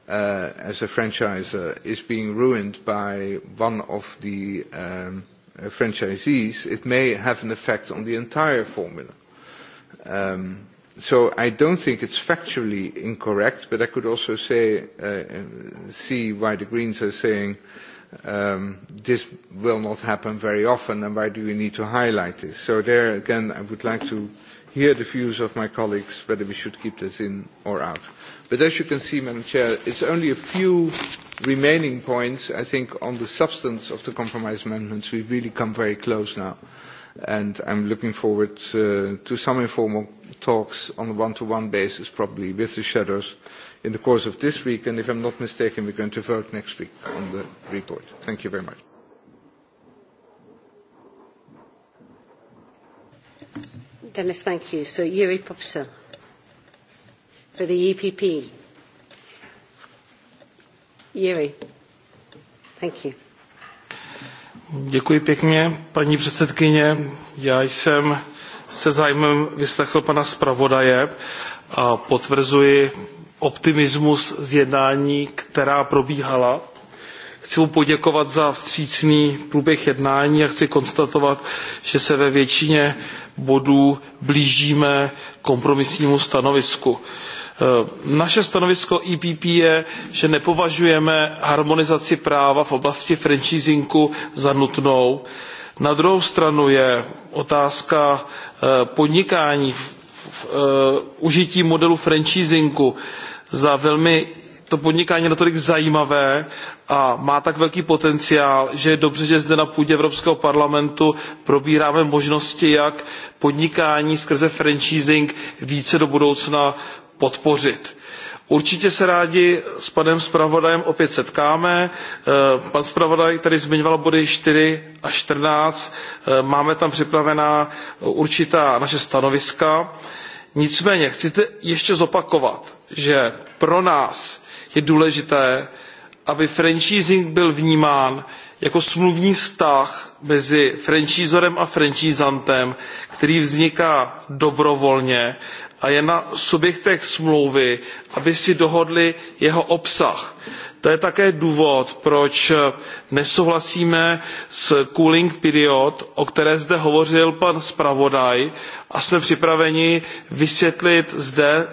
uh, as a franchisor is being ruined by one of the um, uh, franchisees, it may have an effect on the entire formula. Um, so I don't think it's factually incorrect, but I could also say, uh, see why the Greens are saying um, this will not happen very often, and why do we need to highlight this? So there again, I would like to hear the views of my colleagues whether we should keep this in or out. But as you can see, Madam Chair, it's only a few remaining points. I think on the substance of the compromise amendments, we've really come very close now and I'm looking forward uh, to some informal talks on a one-to-one basis, probably with the shadows, in the course of this week. And if I'm not mistaken, we're going to vote next week on the report. Thank you very much. Dennis, thank you. So, Yuri Popsa for the EPP. Yuri, thank you. Děkuji pěkně, paní předsedkyně. Já jsem se zájmem vyslechl pana zpravodaje a potvrzuji optimismus z jednání, která probíhala. Chci mu poděkovat za vstřícný průběh jednání a chci konstatovat, že se ve většině bodů blížíme kompromisnímu stanovisku. Uh, Eh, naše stanovisko EPP je, že nepovažujeme harmonizaci práva v oblasti franchisingu za nutnou. Na druhou stranu je otázka eh, podnikání eh, užití modelu franchisingu za velmi to podnikání je natolik zajímavé a má tak velký potenciál, že je dobře, že zde na půdě Evropského parlamentu probíráme možnosti, jak podnikání skrze franchising více do budoucna podpořit. Určitě se rádi s panem zpravodajem opět setkáme. Eh, pan zpravodaj tady zmiňoval body 4 a 14. Eh, máme tam připravená určitá naše stanoviska. Nicméně chci zde ještě zopakovat, že pro nás je důležité, aby franchising byl vnímán jako smluvní vztah mezi franchisorem a franchisantem, který vzniká dobrovolně a je na subjektech smlouvy aby si dohodly jeho obsah. to je také důvod proč eh, nesouhlasíme s cooling period o které zde hovořil pan zpravodaj a jsme připraveni vysvětlit zde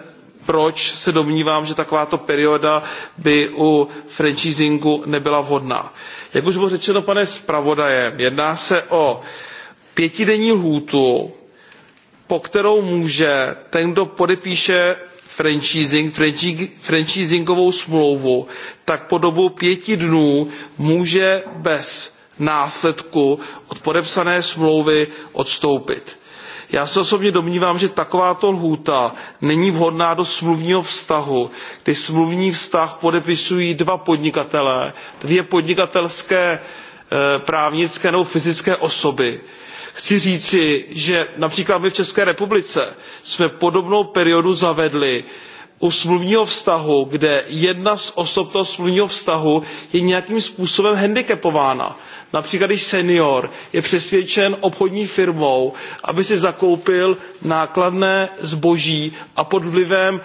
proč se domnívám že takováto perioda by u franchisingu nebyla vhodná. jak už bylo řečeno panem zpravodajem jedná se o pětidenní lhůtu po kterou může ten, kdo podepíše franchising, franchisingovou smlouvu, tak po dobu pěti dnů může bez následku od podepsané smlouvy odstoupit. Já se osobně domnívám, že takováto lhůta není vhodná do smluvního vztahu, kdy smluvní vztah podepisují dva podnikatelé, dvě podnikatelské eh, právnické nebo fyzické osoby chci říci že například my v české republice jsme podobnou periodu zavedli u smluvního vztahu kde jedna z osob toho smluvního vztahu je nějakým způsobem handicapována například když senior je přesvědčen obchodní firmou aby si zakoupil nákladné zboží a pod vlivem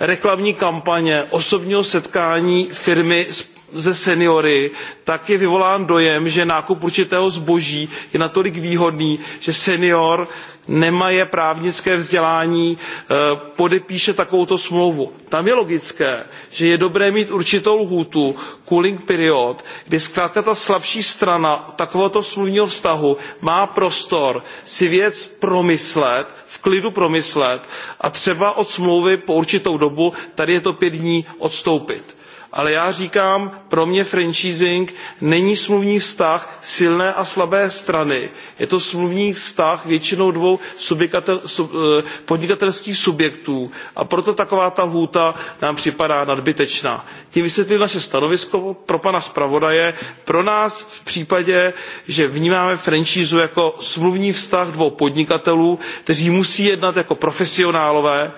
reklamní kampaně osobního setkání firmy s se seniory tak je vyvolán dojem že nákup určitého zboží je natolik výhodný že senior nemaje právnické vzdělání eh, podepíše takovouto smlouvu. tam je logické že je dobré mít určitou lhůtu cooling period kdy zkrátka ta slabší strana takovéhoto smluvního vztahu má prostor si věc promyslet v klidu promyslet a třeba od smlouvy po určitou dobu tady je to pět dní odstoupit ale já říkám pro mě franchising není smluvní vztah silné a slabé strany je to smluvní vztah většinou dvou eh, podnikatelských subjektů a proto taková ta lhůta nám připadá nadbytečná. tím vysvětlím naše stanovisko pro pana zpravodaje pro nás v případě že vnímáme franšízu jako smluvní vztah dvou podnikatelů kteří musí jednat jako profesionálové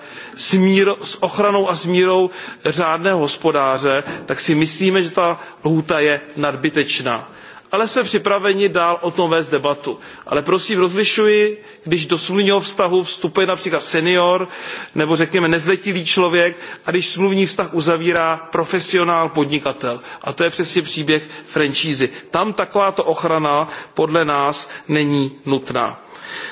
s ochranou a s mírou řádného hospodáře tak si myslíme, že ta lhůta je nadbytečná. Ale jsme připraveni dál o tom vést debatu. Ale prosím, rozlišuji, když do smluvního vztahu vstupuje například senior nebo řekněme nezletilý člověk a když smluvní vztah uzavírá profesionál, podnikatel. A to je přesně příběh franšízy. Tam takováto ochrana podle nás není nutná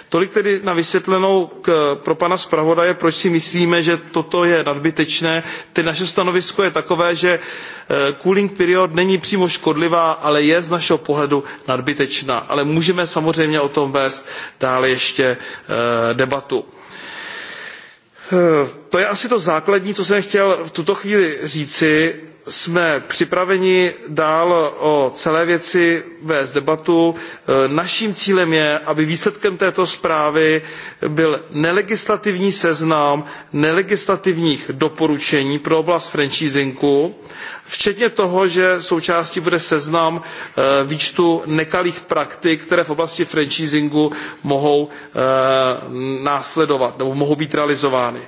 tolik tedy na vysvětlenou pro pana zpravodaje proč si myslíme že toto je nadbytečné. tedy naše stanovisko je takové že eh, cooling period není přímo škodlivá ale je z našeho pohledu nadbytečná ale můžeme samozřejmě o tom vést dále ještě eh, debatu eh, to je asi to základní co jsem chtěl v tuto chvíli říci jsme připraveni dál o celé věci vést debatu. E, naším cílem je aby výsledkem této zprávy byl nelegislativní seznam nelegislativních doporučení pro oblast franchisingu včetně toho že součástí bude seznam e, výčtu nekalých praktik které v oblasti franchisingu mohou e, následovat nebo mohou být realizovány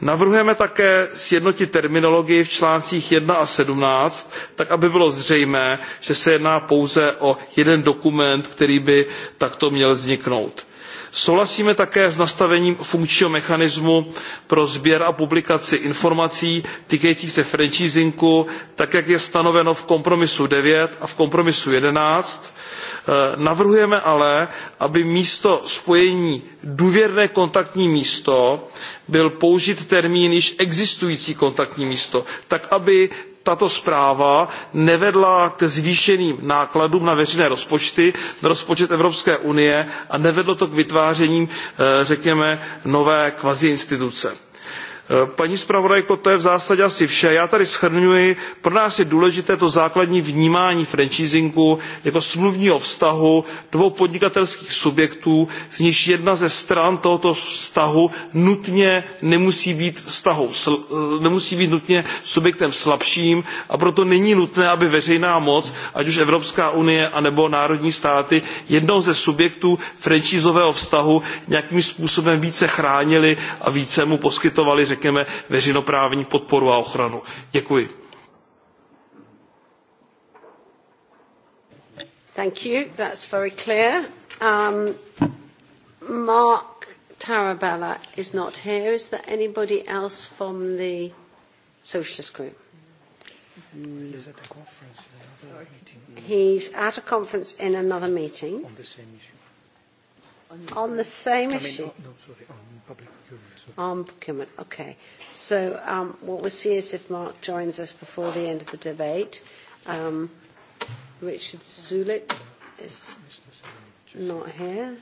navrhujeme také sjednotit terminologii v článcích one a seventeen tak aby bylo zřejmé že se jedná pouze o jeden dokument který by takto měl vzniknout. souhlasíme také s nastavením funkčního mechanismu pro sběr a publikaci informací týkajících se franchisingu tak jak je stanoveno v kompromisu nine a v kompromisu eleven Eh, navrhujeme ale aby místo spojení důvěrné kontaktní místo byl použit termín již existující kontaktní místo tak aby tato zpráva nevedla ke zvýšeným nákladům na veřejné rozpočty na rozpočet evropské unie a nevedlo to k vytváření eh, řekněme nové kvaziinstituce Eh, paní zpravodajko to je v zásadě asi vše. já tady shrnuji pro nás je důležité to základní vnímání franchisingu jako smluvního vztahu dvou podnikatelských subjektů z nichž jedna ze stran tohoto vztahu nutně nemusí být, vztahu, eh, nemusí být nutně subjektem slabším a proto není nutné aby veřejná moc ať už evropská unie anebo národní státy jednoho ze subjektů franchisingového vztahu nějakým způsobem více chránily a více mu poskytovaly řekněme, veřejnoprávní podporu a ochranu. Děkuji. Thank you. That's very clear. Um, Mark Tarabella is not here. Is there anybody else from the Socialist Group? He's at a conference in another Sorry. meeting. He's at a conference in another meeting. On the same issue. On the same, on the same issue? I mean, no, no, sorry, on Armed procurement, okay. So um, what we'll see is if Mark joins us before the end of the debate. Um, Richard Zulik is not here.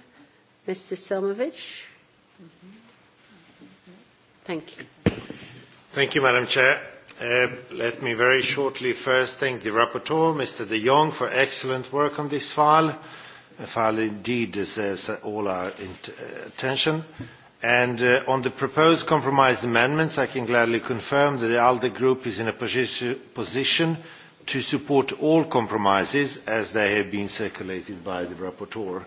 Mr. Selmovich? Thank you. Thank you, Madam Chair. Uh, let me very shortly first thank the rapporteur, Mr. de Jong, for excellent work on this file. The file indeed deserves all our uh, attention. And uh, on the proposed compromise amendments, I can gladly confirm that the ALDE group is in a position, to support all compromises as they have been circulated by the rapporteur.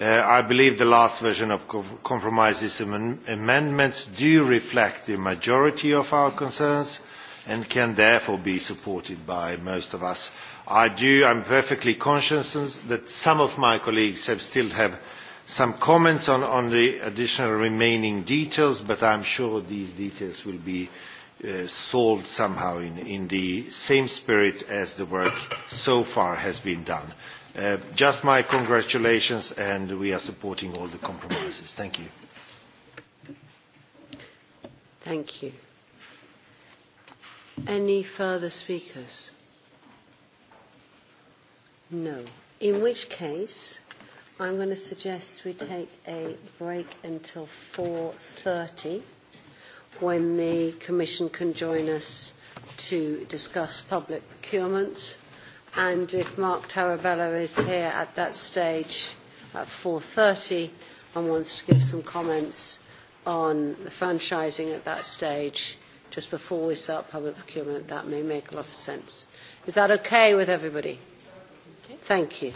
Uh, I believe the last version of compromises amendments do reflect the majority of our concerns and can therefore be supported by most of us. I am I'm perfectly conscious that some of my colleagues have still have some comments on, on the additional remaining details, but I'm sure these details will be uh, solved somehow in, in the same spirit as the work so far has been done. Uh, just my congratulations, and we are supporting all the compromises. Thank you. Thank you. Any further speakers? No. In which case, I'm going to suggest we take a break until 4.30 when the Commission can join us to discuss public procurement. And if Mark Tarabella is here at that stage at 4.30 and wants to give some comments on the franchising at that stage, just before we start public procurement, that may make a lot of sense. Is that okay with everybody? Okay. Thank you.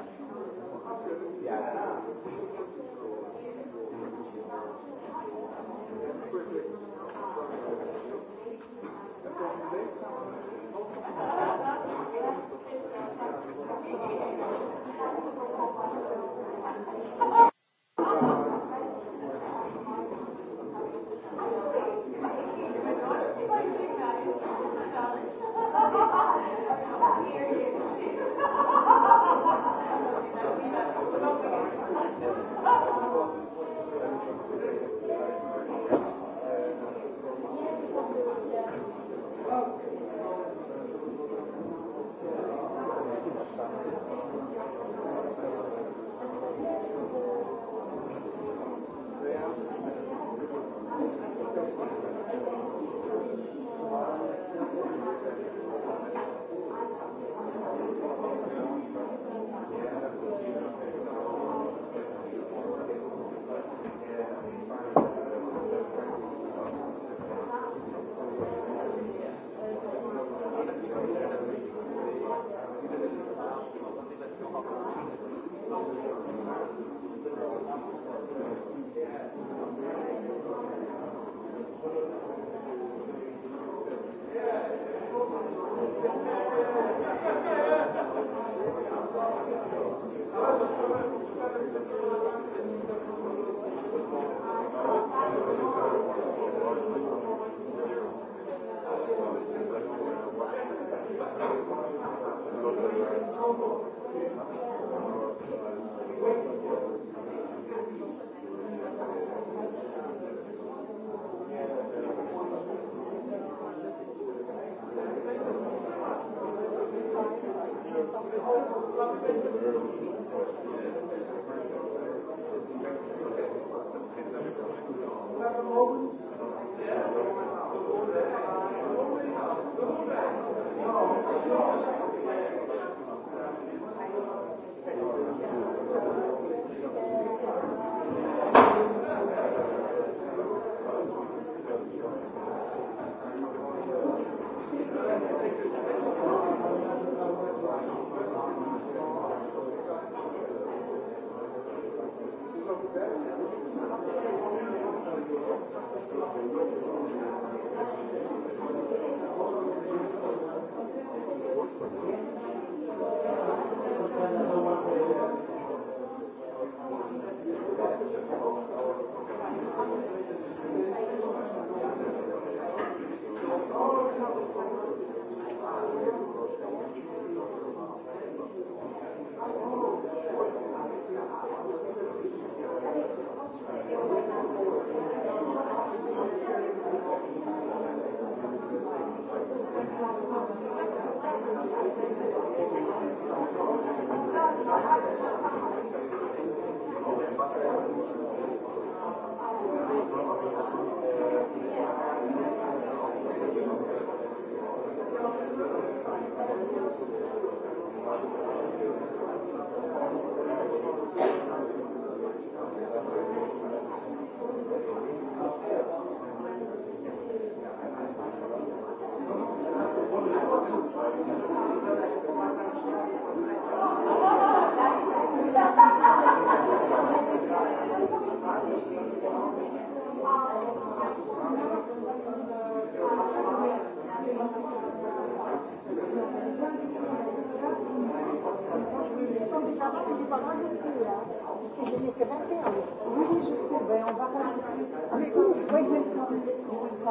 Thank you.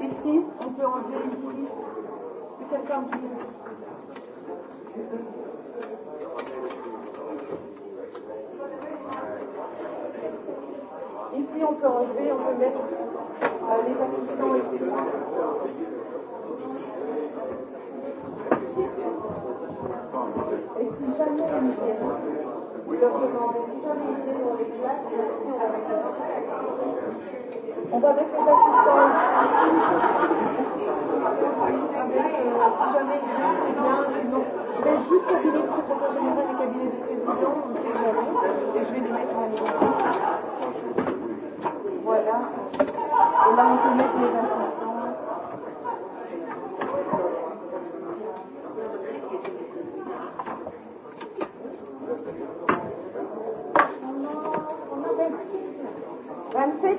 Ici, on peut enlever ici. Quelqu'un qui. si on peut enlever, on peut mettre euh, les assistants, etc. Et si jamais ils viennent, leur demander, si jamais ils viennent dans les classes, si on va mettre les assistants. On va mettre les assistants aussi. Avec, euh, si jamais il vient, c'est bien, sinon. Je vais juste cabinet de secrétaire général et cabinet de président, on ne sait jamais, et je vais les mettre en ligne. Voilà. Et là, on peut mettre les assistants. Thank you.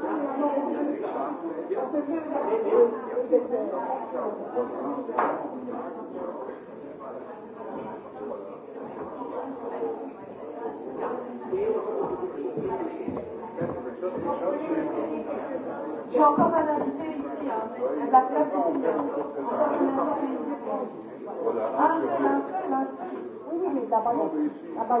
J'ai encore un invité ici, hein. la place est ouverte. Un seul, un seul, un seul. Oui, oui, mais là-bas, là-bas.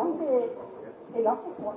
hace, él hace Juan.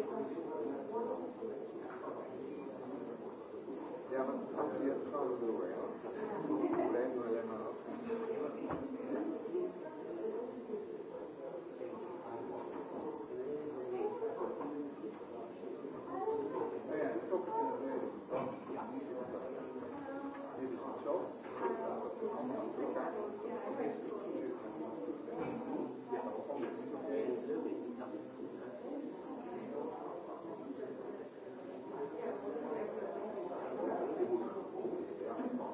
Ja, men jetzt schauen wir mal. Wenn wir länger auf. Thank you.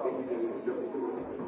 Thank you.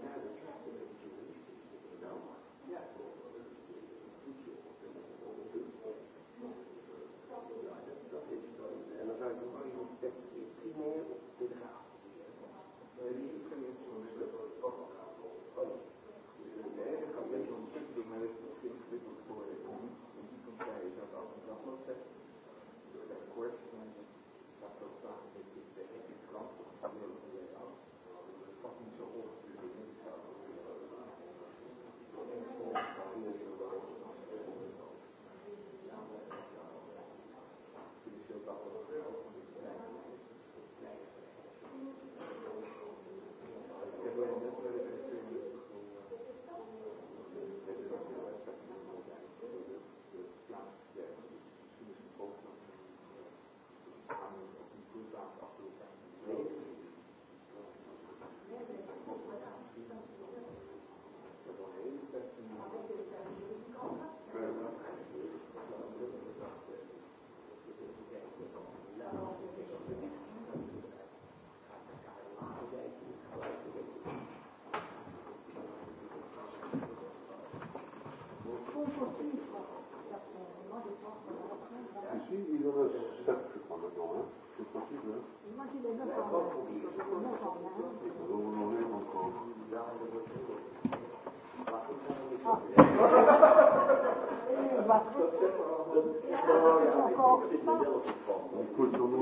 Écoute, on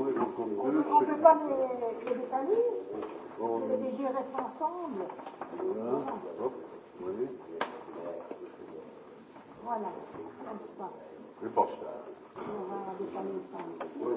en est donc en deux. On ne peut pas les, les détailler. On... Les gérer ensemble. Voilà. Hop. Oui. Voilà. Comme ça. Je pense. On va détailler ensemble. Oui.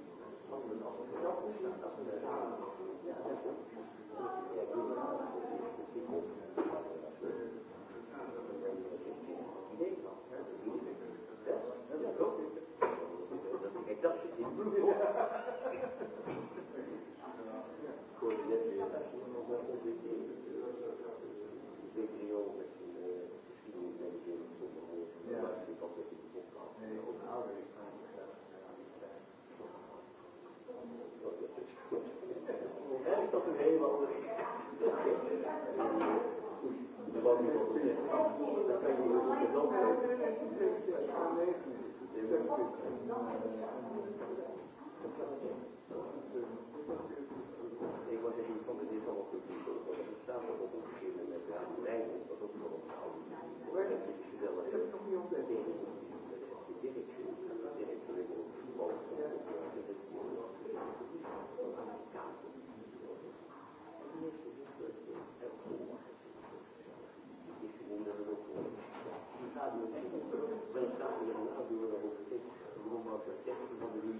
Ja. Nee, dat is helemaal niet. Dat was niet op zin. Dat zijn we ook in de land. Ik was er niet van de dit allemaal goed doen. Dat is het samen op een gegeven moment. Ja, de lijn is dat ook nog onthouden. Maar dat is gezellig. Dat is nog niet ontdekt. De directeur, de directeur in ons voetbal. Dat is het. Dat is het. الذي أبي وله الشيخ ابن عمر الشيخ ابن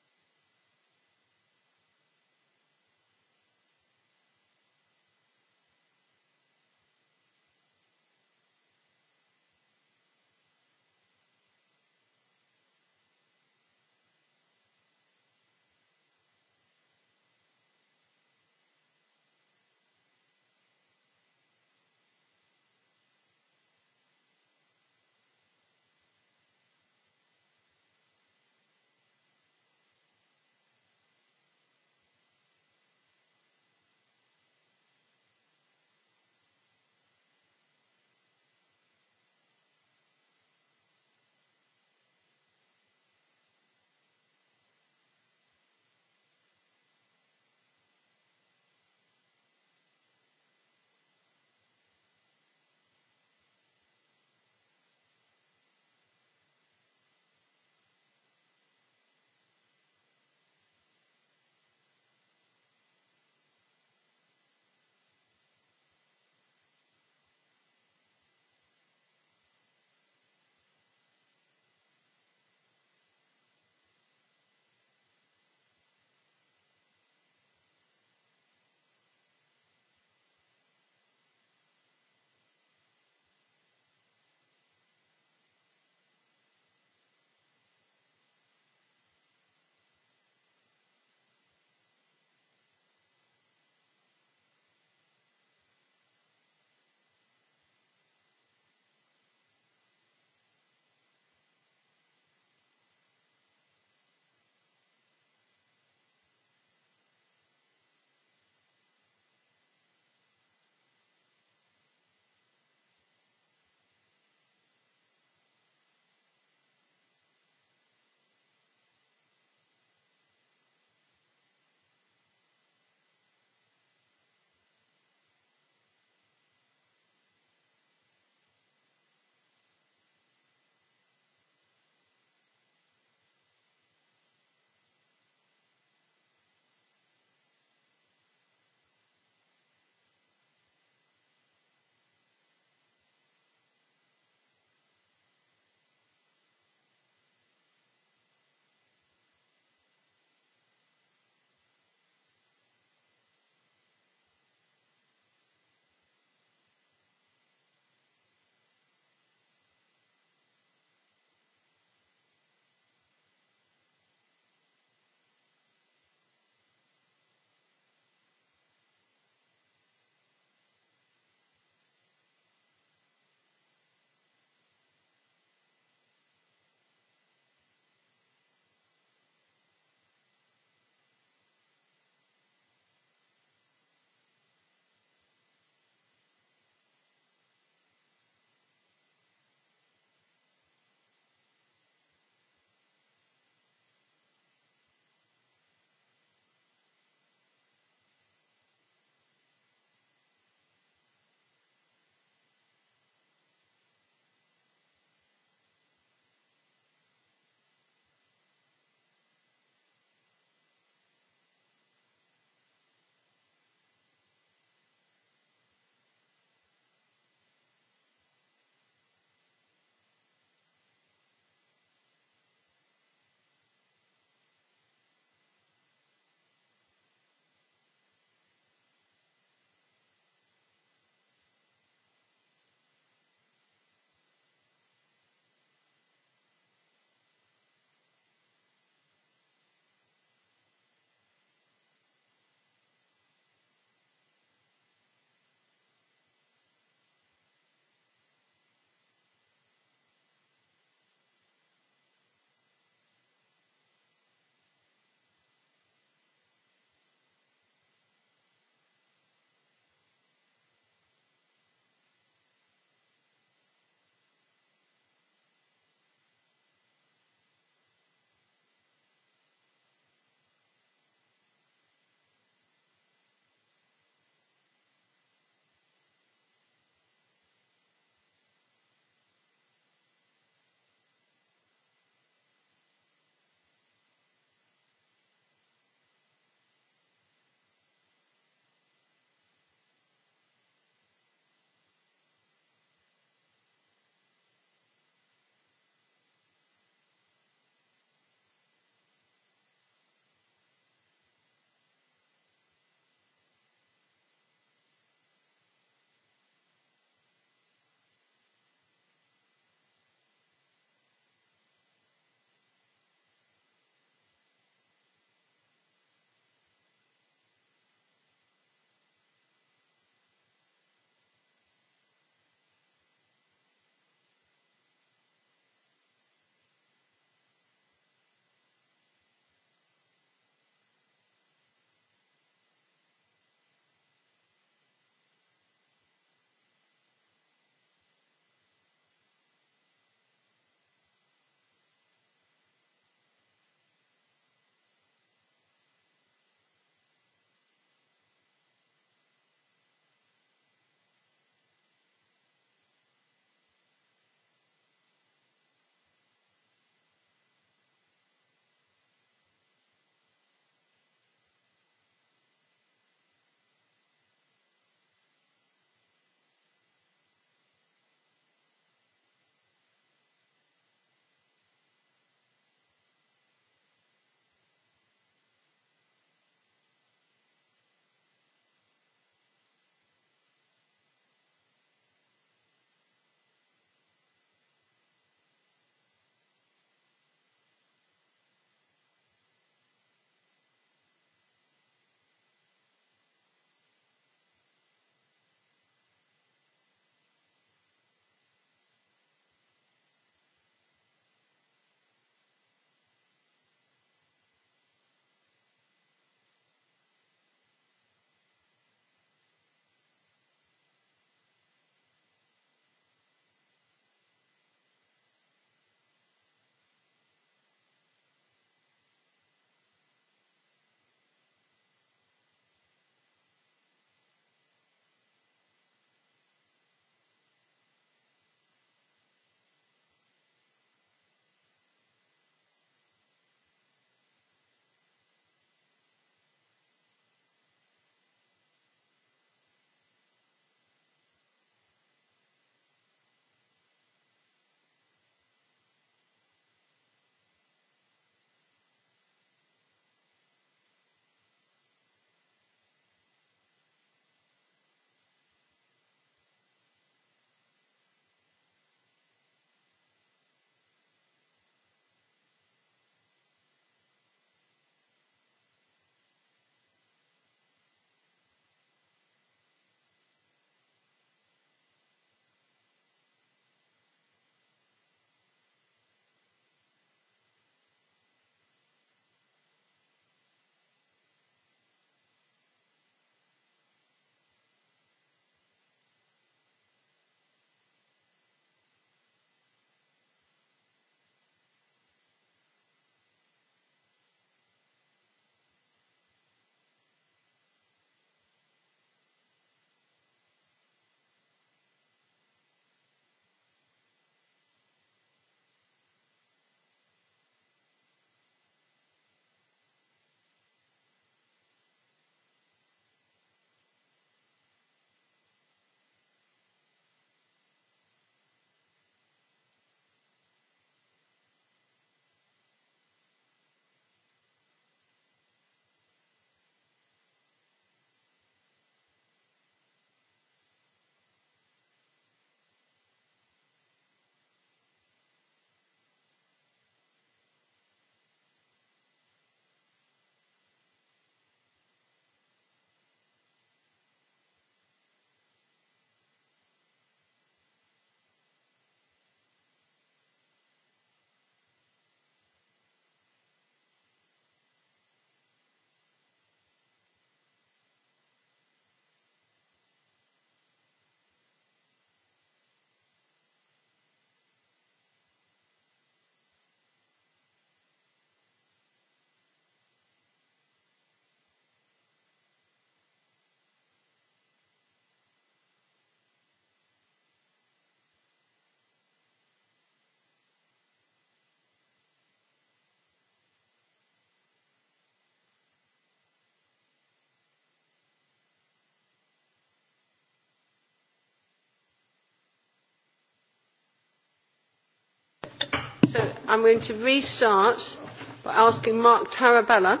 I'm going to restart by asking Mark Tarabella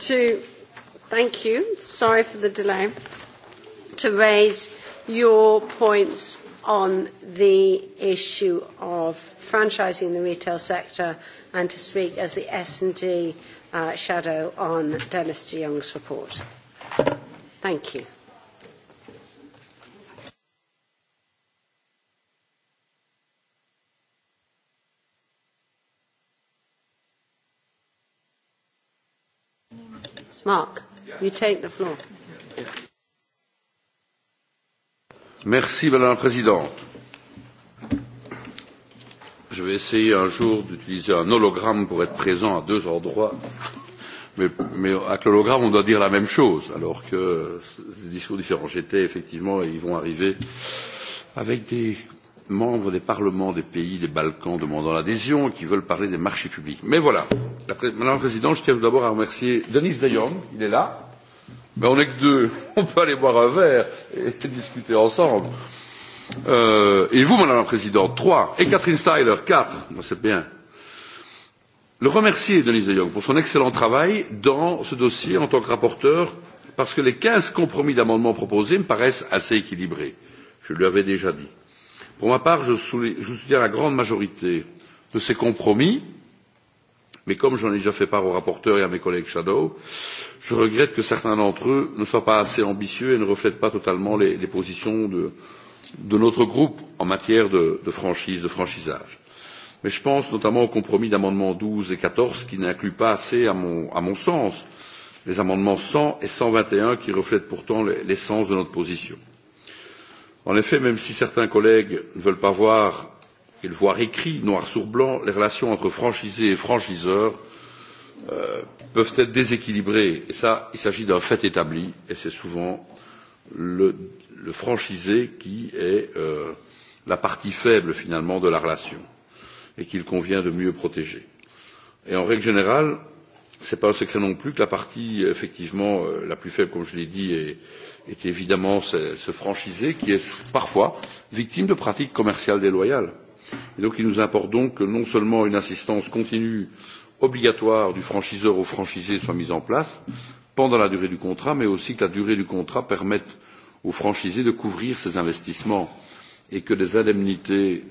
to, thank you, sorry for the delay, to raise your points on the issue of franchising in the retail sector and to speak as the S&D uh, shadow on Dennis de Jong's report. Thank you. Mark, you take the floor. Merci, Madame la Présidente. Je vais essayer un jour d'utiliser un hologramme pour être présent à deux endroits. Mais, mais avec l'hologramme, on doit dire la même chose, alors que c'est des discours différents. J'étais effectivement, et ils vont arriver avec des membres des parlements des pays des Balkans demandant l'adhésion et qui veulent parler des marchés publics. Mais voilà, Madame la Présidente, je tiens tout d'abord à remercier Denis de Jong, il est là, mais on n'est que deux, (laughs) on peut aller boire un verre et (laughs) discuter ensemble. Euh, et vous, Madame la Présidente, trois, et Catherine Styler, quatre, moi c'est bien. Le remercier, Denis de Jong, pour son excellent travail dans ce dossier en tant que rapporteur, parce que les quinze compromis d'amendements proposés me paraissent assez équilibrés. Je lui avais déjà dit Pour ma part, je soutiens la grande majorité de ces compromis, mais comme j'en ai déjà fait part au rapporteur et à mes collègues shadow, je regrette que certains d'entre eux ne soient pas assez ambitieux et ne reflètent pas totalement les, les positions de, de notre groupe en matière de, de franchise, de franchisage. Mais je pense notamment au compromis d'amendements 12 et 14 qui n'incluent pas assez, à mon, à mon sens, les amendements 100 et 121 qui reflètent pourtant l'essence de notre position. En effet, même si certains collègues ne veulent pas voir et le voir écrit noir sur blanc, les relations entre franchisés et franchiseurs euh, peuvent être déséquilibrées. Et ça, il s'agit d'un fait établi, et c'est souvent le, le franchisé qui est euh, la partie faible finalement de la relation et qu'il convient de mieux protéger. Et en règle générale, Ce n'est pas un secret non plus que la partie effectivement euh, la plus faible, comme je l'ai dit, est, est évidemment ce, ce franchisé qui est parfois victime de pratiques commerciales déloyales. Et donc il nous importe donc que non seulement une assistance continue obligatoire du franchiseur au franchisé soit mise en place pendant la durée du contrat, mais aussi que la durée du contrat permette au franchisé de couvrir ses investissements et que des indemnités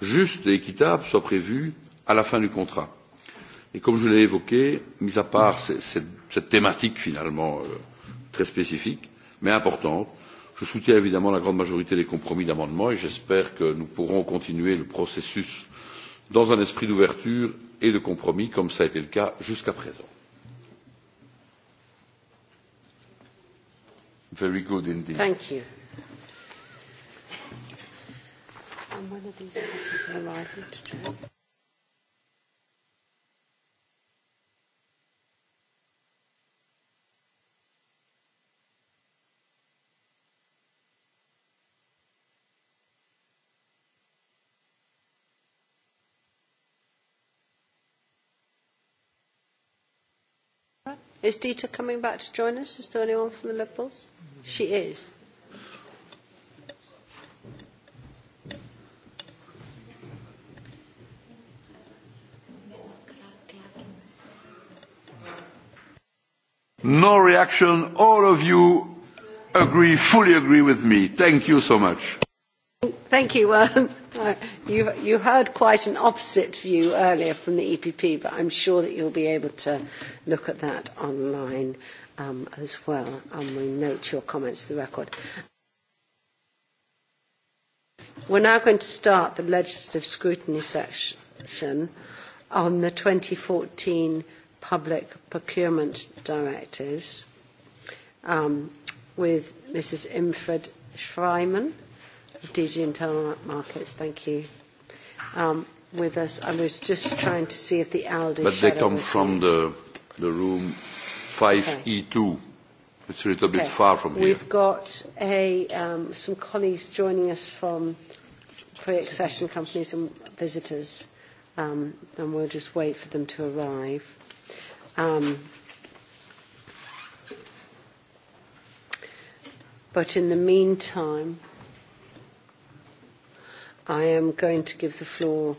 justes et équitables soient prévues à la fin du contrat. Et comme je l'ai évoqué, mis à part cette thématique finalement euh, très spécifique, mais importante, je soutiens évidemment la grande majorité des compromis d'amendements et j'espère que nous pourrons continuer le processus dans un esprit d'ouverture et de compromis comme cela a été le cas jusqu'à présent. Very good indeed. Thank you. And when are these Is Dita coming back to join us? Is there anyone from the Liberals? She is. No reaction. All of you agree, fully agree with me. Thank you so much. Thank you. uh, (laughs) you, you heard quite an opposite view earlier from the EPP, but I'm sure that you'll be able to look at that online um, as well, and we note your comments to the record. We're now going to start the legislative scrutiny section on the 2014 public procurement directives um, with Mrs. Imfred Schreiman of DG Internal Markets. Thank you. Um, with us, I was just trying to see if the ALDE. But they come from the, the room 5E2. Okay. E It's a little bit far from here. We've got a, um, some colleagues joining us from pre-accession companies and visitors, um, and we'll just wait for them to arrive. but in the meantime, I am going to give the floor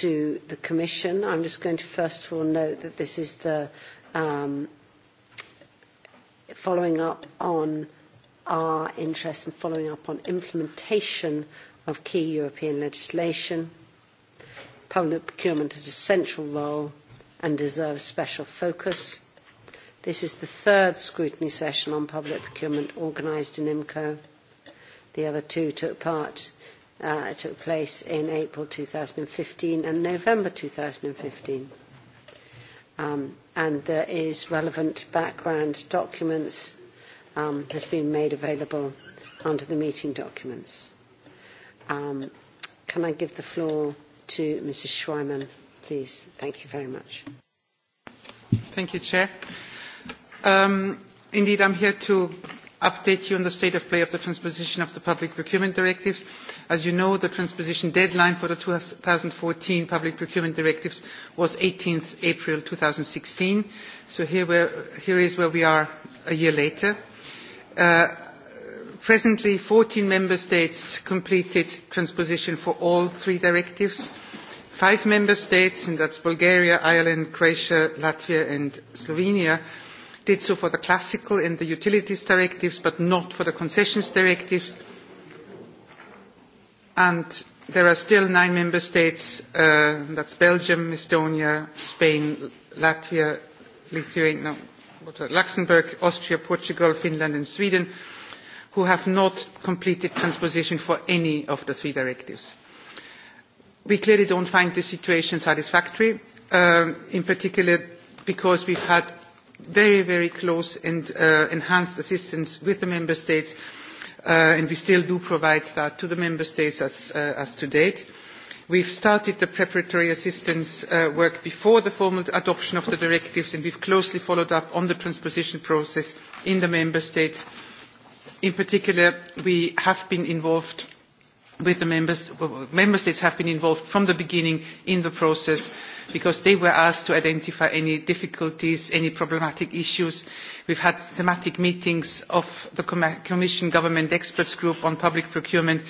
to the Commission. I'm just going to first of all note that this is the um, following up on our interest and in following up on implementation of key European legislation. Public procurement has a central role and deserves special focus. This is the third scrutiny session on public procurement organised in IMCO. The other two took part Uh, took place in April 2015 and November 2015. Um, and there is relevant background documents um, has been made available under the meeting documents. Um, can I give the floor to Mrs. Schweiman, please? Thank you very much. Thank you, Chair. Um, indeed, I'm here to update you on the state of play of the transposition of the public procurement directives. As you know, the transposition deadline for the 2014 public procurement directives was 18th April 2016. So here, we're, here is where we are a year later. Uh, presently, 14 member states completed transposition for all three directives. Five member states, and that's Bulgaria, Ireland, Croatia, Latvia and Slovenia, did so for the classical and the utilities directives, but not for the concessions directives. And there are still nine member states, uh, that's Belgium, Estonia, Spain, Latvia, Lithuania, no, uh, Luxembourg, Austria, Portugal, Finland and Sweden, who have not completed transposition for any of the three directives. We clearly don't find this situation satisfactory, uh, in particular because we've had very, very close and uh, enhanced assistance with the member states, uh, and we still do provide that to the member states as, uh, as to date. We've started the preparatory assistance uh, work before the formal adoption of the directives, and we've closely followed up on the transposition process in the member states. In particular, we have been involved with the members, member states have been involved from the beginning in the process because they were asked to identify any difficulties, any problematic issues. We've had thematic meetings of the Commission Government Experts Group on Public Procurement.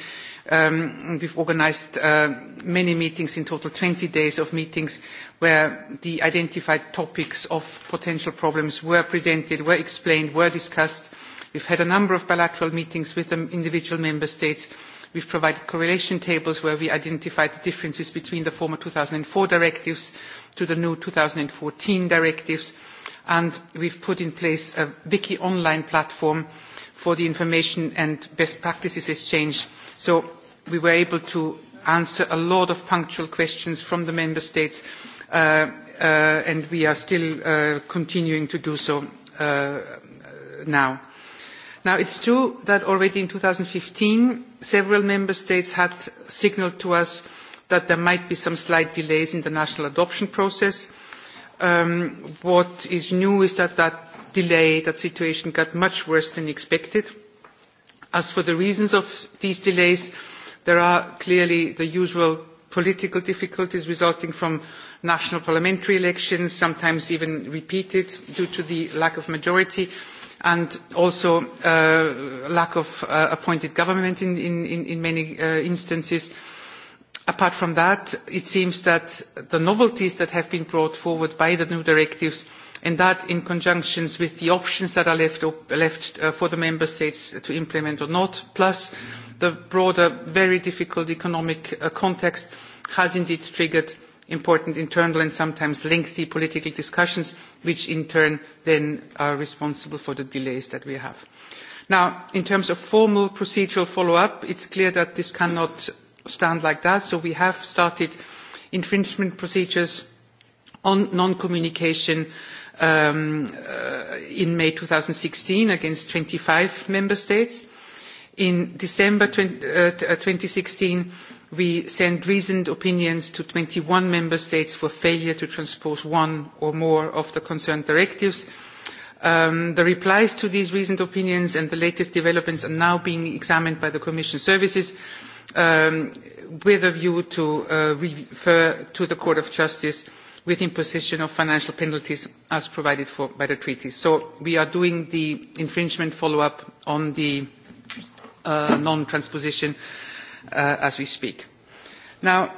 Um, we've organised uh, many meetings, in total 20 days of meetings, where the identified topics of potential problems were presented, were explained, were discussed. We've had a number of bilateral meetings with the individual member states We've provided correlation tables where we identified the differences between the former 2004 directives to the new 2014 directives. And we've put in place a Wiki online platform for the information and best practices exchange. So we were able to answer a lot of punctual questions from the member states uh, uh, and we are still uh, continuing to do so uh, now. Now, it's true that already in 2015, several member states had signalled to us that there might be some slight delays in the national adoption process. Um, what is new is that that delay, that situation got much worse than expected. As for the reasons of these delays, there are clearly the usual political difficulties resulting from national parliamentary elections, sometimes even repeated due to the lack of majority. Uh, and also uh, lack of uh, appointed government in, in, in many uh, instances. Apart from that, it seems that the novelties that have been brought forward by the new directives and that in conjunction with the options that are left, left uh, for the member states to implement or not, plus the broader, very difficult economic uh, context has indeed triggered important internal and sometimes lengthy political discussions, which in turn then are responsible for the delays that we have. Now, in terms of formal procedural follow-up, it's clear that this cannot stand like that, so we have started infringement procedures on non-communication um, uh, in May 2016 against 25 member states. In December 20, uh, 2016, uh, we sent reasoned opinions to 21 member states for failure to transpose one or more of the concerned directives. Um, the replies to these reasoned opinions and the latest developments are now being examined by the Commission services um, with a view to uh, refer to the Court of Justice with imposition of financial penalties as provided for by the treaty. So we are doing the infringement follow-up on the uh, non-transposition uh, uh, as we speak. Now,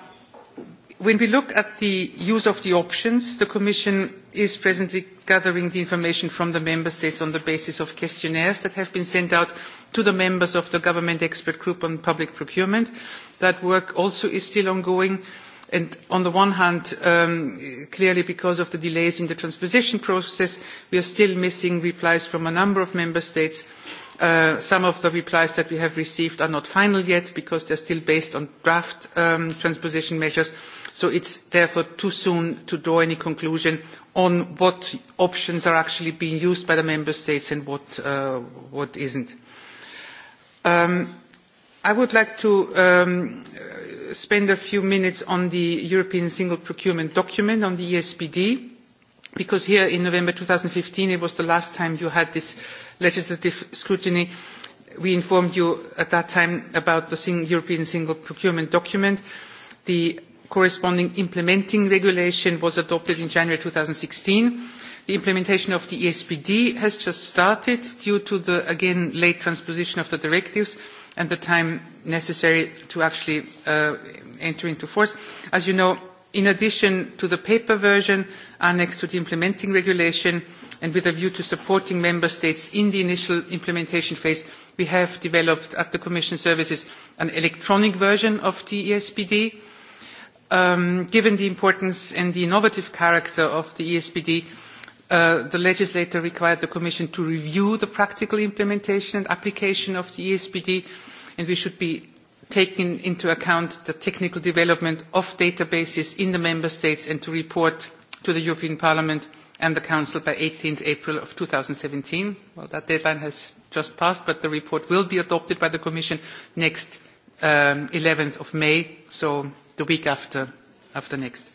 when we look at the use of the options, the Commission is presently gathering the information from the Member States on the basis of questionnaires that have been sent out to the members of the Government Expert Group on Public Procurement. That work also is still ongoing on the one hand, um, clearly because of the delays in the transposition process, we are still missing replies from a number of member states. Uh, some of the replies that we have received are not final yet because they're still based on draft um, transposition measures. So it's therefore too soon to draw any conclusion on what options are actually being used by the member states and what, uh, isn't. Um, I would like to spend a few minutes on the European Single Procurement Document, on the ESPD, because here in November 2015, it was the last time you had this legislative scrutiny. We informed you at that time about the European Single Procurement Document. The corresponding implementing regulation was adopted in January 2016. The implementation of the ESPD has just started due to the, again, late transposition of the directives and the time necessary to actually uh, enter into force. As you know, in addition to the paper version annexed to the implementing regulation and with a view to supporting member states in the initial implementation phase, we have developed at the Commission Services an electronic version of the ESPD. Um, given the importance and the innovative character of the ESPD, Uh, the legislator required the Commission to review the practical implementation and application of the ESPD and we should be taking into account the technical development of databases in the member states and to report to the European Parliament and the Council by 18th April of 2017. Well, that deadline has just passed, but the report will be adopted by the Commission next um, 11th of May, so the week after, after next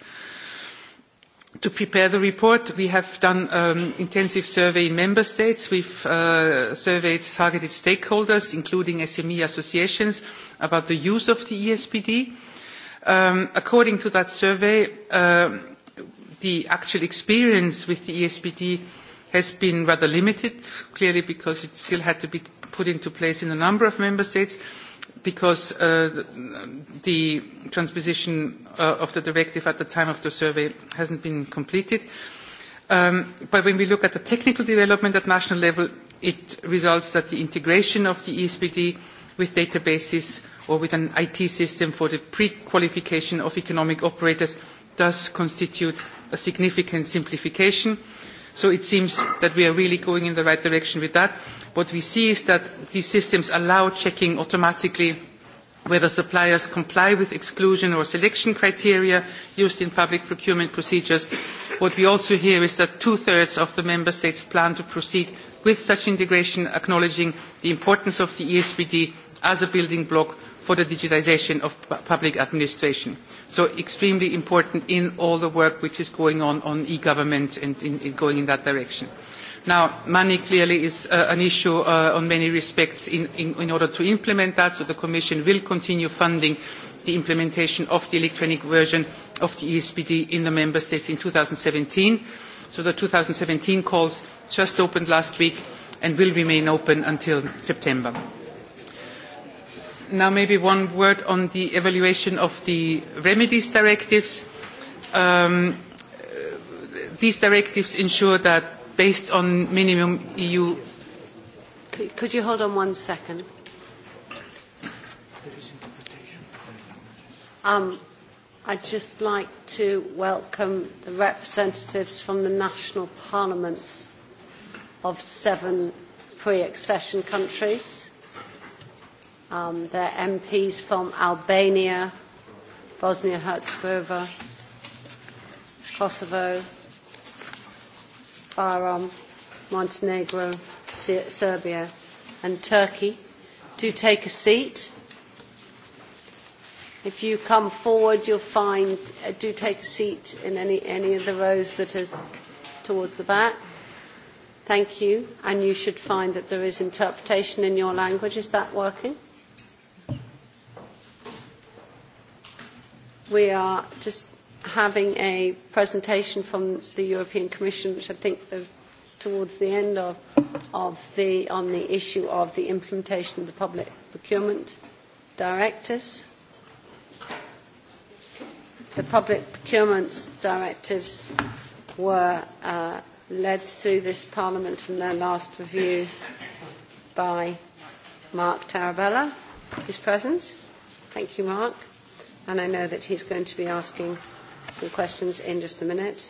to prepare the report, we have done um, intensive survey in member states. We've uh, surveyed targeted stakeholders, including SME associations, about the use of the ESPD. Um, according to that survey, uh, the actual experience with the ESPD has been rather limited, clearly because it still had to be put into place in a number of member states because uh, the transposition uh, of the directive at the time of the survey hasn't been completed. Um, but when we look at the technical development at national level, it results that the integration of the ESPD with databases or with an IT system for the pre-qualification of economic operators does constitute a significant simplification. Uh, So it seems that we are really going in the right direction with that. What we see is that these systems allow checking automatically whether suppliers comply with exclusion or selection criteria used in public procurement procedures. What we also hear is that two-thirds of the Member States plan to proceed with such integration, acknowledging the importance of the ESBD as a building block for the digitization of public administration. So extremely important in all the work which is going on on e-government and in, in going in that direction. Now, money clearly is uh, an issue uh, on many respects in, in, in order to implement that, so the Commission will continue funding the implementation of the electronic version of the ESPD in the Member States in 2017. So the 2017 calls just opened last week and will remain open until September now maybe one word on the evaluation of the remedies directives. Um, these directives ensure that based on minimum EU... Could, you hold on one second? Um, I'd just like to welcome the representatives from the national parliaments of seven pre-accession countries Um, MPs from Albania, Bosnia-Herzegovina, Kosovo, Bahrain, Montenegro, Serbia, and Turkey. Do take a seat. If you come forward, you'll find, uh, do take a seat in any, any of the rows that are towards the back. Thank you. And you should find that there is interpretation in your language. Is that working? we are just having a presentation from the European Commission, which I think the, towards the end of, of the, on the issue of the implementation of the public procurement directives. The public procurement directives were uh, led through this Parliament in their last review by Mark Tarabella, who's present. Thank you, Mark and I know that he's going to be asking some questions in just a minute.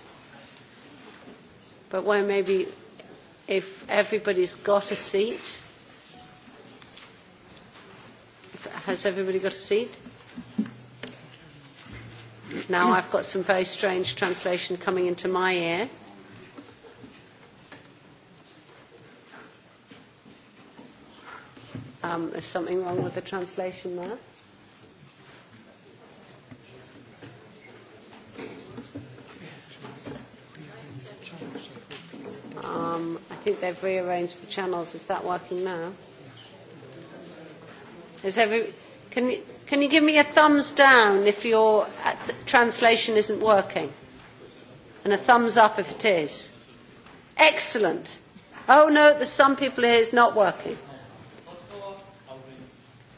But why maybe if everybody's got a seat, has everybody got a seat? Now I've got some very strange translation coming into my ear. Um, there's something wrong with the translation there. Um, I think they've rearranged the channels. Is that working now? Is every, can, you, can you give me a thumbs down if your uh, translation isn't working? And a thumbs up if it is. Excellent. Oh no, there's some people here it's not working.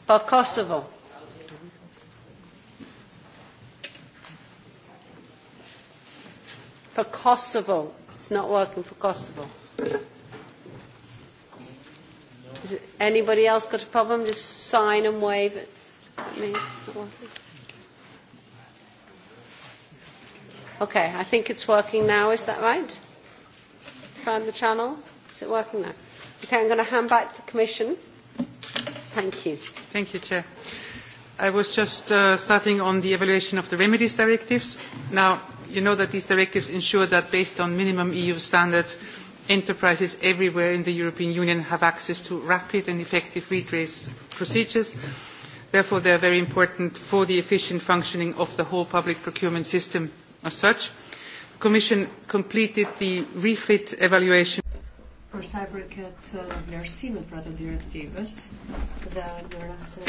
For Kosovo. For Kosovo. It's not working for Kosovo. Has anybody else got a problem? Just sign and wave at me. Okay, I think it's working now. Is that right? Find the channel. Is it working now? Okay, I'm going to hand back to the Commission. Thank you. Thank you, Chair. I was just uh, starting on the evaluation of the remedies directives. Now, you know that these directives ensure that based on minimum EU standards, enterprises everywhere in the European Union have access to rapid and effective redress procedures. Therefore, they are very important for the efficient functioning of the whole public procurement system as such. The Commission completed the refit evaluation Për përket uh, vlerësimit për ato direktivës The në rase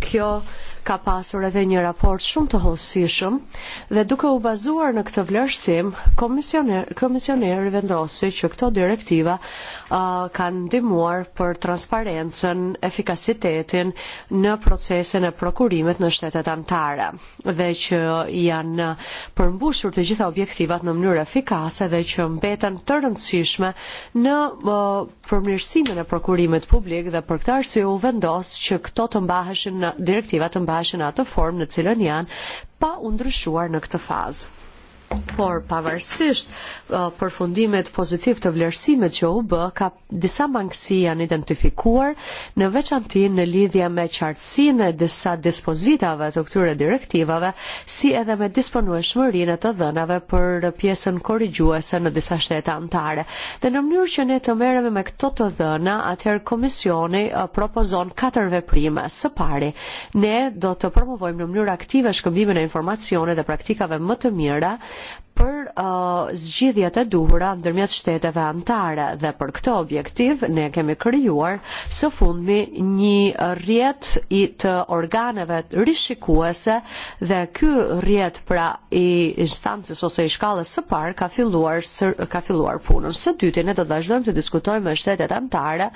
Kjo ka pasur edhe një raport shumë të hollësishëm dhe duke u bazuar në këtë vlerësim, komisioneri komisioneri vendosi që këto direktiva uh, kanë ndihmuar për transparencën, efikasitetin në procesin e prokurimit në shtetet anëtare dhe që janë përmbushur të gjitha objektivat në mënyrë efikase dhe që mbeten të rëndësishme në uh, përmirësimin e prokurimit publik dhe për këtë arsye u vendos që këtë këto të mbaheshin në direktiva të mbaheshin në atë formë në cilën janë pa u në këtë fazë por pavarësisht uh, përfundimet pozitiv të vlerësimit që u bë, ka disa mangësi janë identifikuar në veçanti në lidhje me qartësinë e disa dispozitave të këtyre direktivave, si edhe me disponueshmërinë e të dhënave për pjesën korrigjuese në disa shtete anëtare. Dhe në mënyrë që ne të merremi me këto të dhëna, atëherë komisioni uh, propozon katër veprime. Së pari, ne do të promovojmë në mënyrë aktive shkëmbimin e informacionit dhe praktikave më të mira për uh, zgjidhjet e duhura ndërmjet shteteve antare dhe për këtë objektiv ne kemi krijuar së fundmi një rrjet i të organeve rishikuese dhe ky rrjet pra i instancës ose i shkallës së parë ka filluar së, ka filluar punën. Së dyti ne do të vazhdojmë të diskutojmë me shtetet antare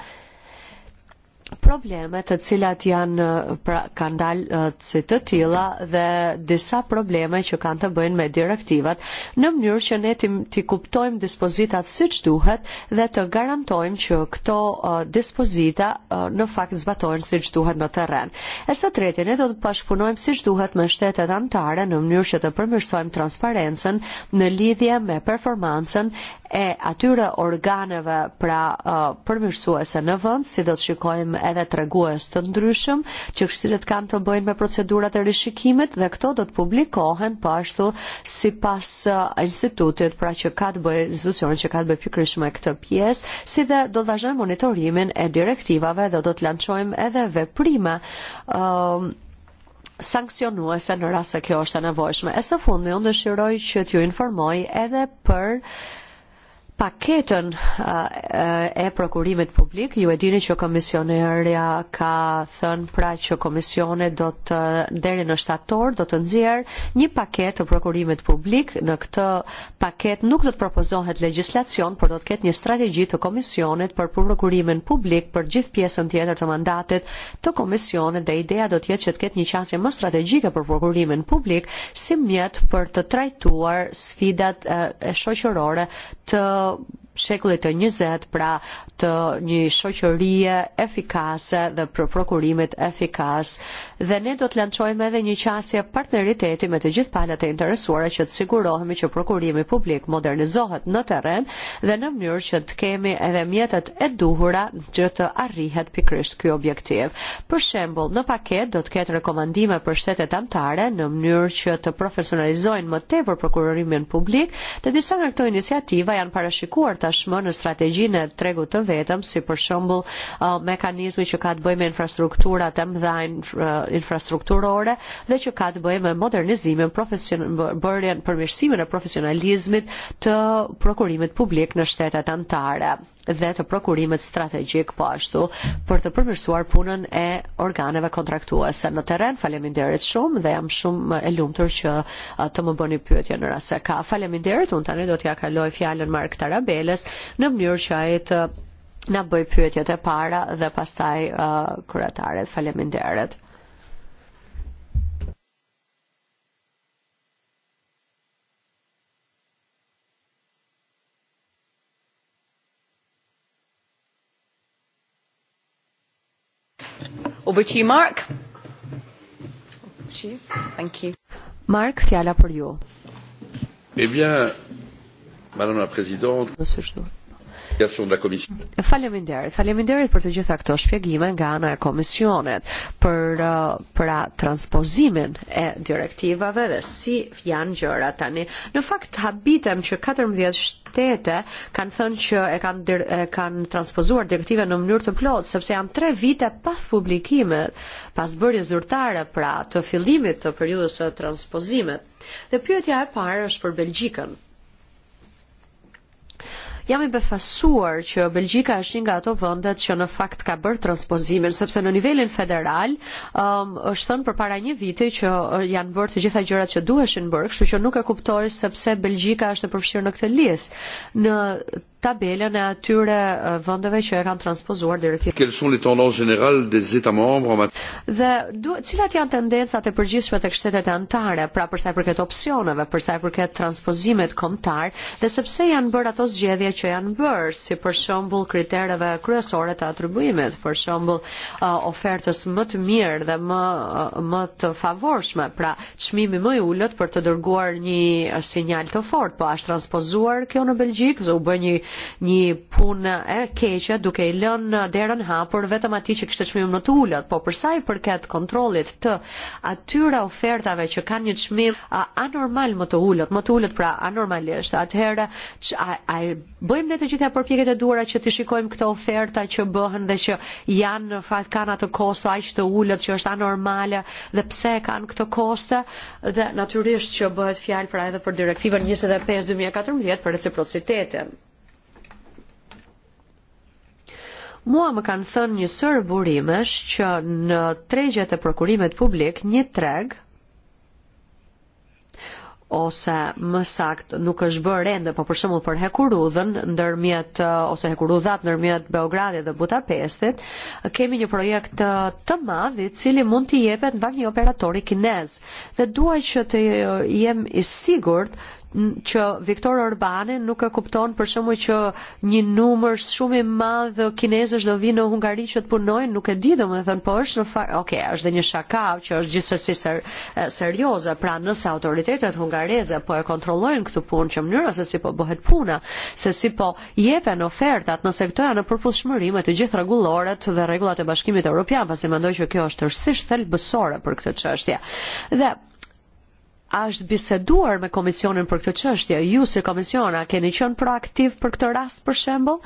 problemet të cilat janë uh, pra, kanë dalë si uh, të tilla dhe disa probleme që kanë të bëjnë me direktivat në mënyrë që ne të, të kuptojmë dispozitat siç duhet dhe të garantojmë që këto uh, dispozita uh, në fakt zbatohen siç duhet në terren. E së treti ne do të bashkëpunojmë siç duhet me shtetet anëtare në mënyrë që të përmirësojmë transparencën në lidhje me performancën e atyre organeve pra uh, përmirësuese në vend, si do të shikojmë edhe tregues të ndryshëm që këshillet kanë të bëjnë me procedurat e rishikimit dhe këto do të publikohen po ashtu si pas uh, institutit, pra që ka të bëjë institucionit që ka të bëjë pikërisht me këtë pjesë, si dhe do të vazhdojmë monitorimin e direktivave dhe do të lanqojmë edhe veprime um, sankcionuese në rrasë se kjo është e nevojshme. E së fundmi unë dëshiroj që t'ju informoj edhe për paketën e eh, eh, prokurimit publik, ju e dini që komisionerja ka thënë pra që komisione do të deri në shtator do të nxjerë një paket të prokurimit publik. Në këtë paket nuk do të propozohet legjislacion, por do të ketë një strategji të komisionit për prokurimin publik për gjithë pjesën tjetër të mandatit të komisionit dhe ideja do të jetë që të ketë një qasje më strategjike për prokurimin publik si mjet për të trajtuar sfidat eh, e shoqërore të a shekullit të njëzet, pra të një shoqërie efikase dhe për prokurimit efikas. Dhe ne do të lanqojmë edhe një qasje partneriteti me të gjithë palat e interesuara që të sigurohemi që prokurimi publik modernizohet në teren dhe në mënyrë që të kemi edhe mjetet e duhura që të arrihet pikrisht kjo objektiv. Për shembol, në paket do të ketë rekomandime për shtetet amtare në mënyrë që të profesionalizojnë më te për prokurimin publik, të disa nga këto inisiativa janë parashikuar të tashmë në strategjinë e tregut të vetëm, si për shembull mekanizmi që ka të bëjë me infrastrukturat e mëdha infrastrukturore dhe që ka të bëjë me modernizimin, bërjen, përmirësimin e profesionalizmit të prokurimit publik në shtetet anëtare dhe të prokurimit strategjik po ashtu për të përmirësuar punën e organeve kontraktuese në terren. Faleminderit shumë dhe jam shumë e lumtur që të më bëni pyetje në rast se ka. Faleminderit, unë tani do t'ja kaloj fjalën Mark Tarabeles në mënyrë që ai të na bëj pyetjet e para dhe pastaj uh, kryetaret. Faleminderit. Over to you, Mark. Thank you. Mark Fiala pour you. Eh bien, Madame la Présidente, Faleminderit, faleminderit për të gjitha këto shpjegime nga ana e Komisionet për uh, për transpozimin e direktivave dhe si janë gjërat tani. Në fakt habitem që 14 shtete kanë thënë që e kanë dir, e kanë transpozuar direktive në mënyrë të plotë sepse janë 3 vite pas publikimit, pas bërjes zyrtare pra të fillimit të periudhës së transpozimit. Dhe pyetja e parë është për Belgjikën Jam i befasuar që Belgjika është një nga ato vendet që në fakt ka bërë transpozimin, sepse në nivelin federal um, është thënë përpara një viti që uh, janë bërë të gjitha gjërat që duheshin bërë, kështu që nuk e kuptoj sepse Belgjika është e përfshirë në këtë listë. Në tabelën e atyre vendeve që e kanë transpozuar direktivën. Quelles sont les tendances générales des États membres en matière? Dhe cilat janë tendencat e përgjithshme tek shtetet anëtare, pra për sa i përket opsioneve, për sa i përket transpozimit kombëtar dhe sepse janë bërë ato zgjedhje që janë bërë, si për shembull kritereve kryesore të atribuimit, për shembull uh, ofertës më të mirë dhe më uh, më të favorshme, pra çmimi më i ulët për të dërguar një e, sinjal të fortë, po është transpozuar kjo në Belgjik, u bë një një punë e keqe duke i lënë derën hapur vetëm atij që kishte çmim në të ulët, po për sa i përket kontrollit të atyre ofertave që kanë një çmim anormal më të ulët, më të ulët pra anormalisht, atëherë ai bëjmë ne të gjitha përpjekjet e duhura që të shikojmë këto oferta që bëhen dhe që janë në fakt kanë atë kosto aq të ulët që është anormale dhe pse kanë këto koste dhe natyrisht që bëhet fjalë pra edhe për direktivën 25 2014 e e për reciprocitetin. Mua më kanë thënë një sërë burimesh që në tregjet e prokurimet publik një treg ose më sakt nuk është bërë rende, po për shembull për Hekurudhën ndërmjet uh, ose Hekurudhat ndërmjet Beogradit dhe Budapestit, kemi një projekt uh, të madh i cili mund t'i jepet në një operatori kinez. Dhe duaj që të uh, jem i sigurt që Viktor Orbani nuk e kupton për shumë që një numër shumë i madh kinezësh do vinë në Hungari që të punojnë, nuk e di domethënë, po është në fakt, okay, është dhe një shaka që është gjithsesi ser, e, serioze, pra nëse autoritetet hungareze po e kontrollojnë këtë punë që mënyra se si po bëhet puna, se si po jepen ofertat, nëse këto janë në përputhshmëri me të gjithë rregulloret dhe rregullat e Bashkimit Evropian, pasi mendoj që kjo është tërësisht thelbësore për këtë çështje. Dhe është biseduar me komisionin për këtë çështje. Ju si komisiona keni qenë proaktiv për këtë rast për shembull,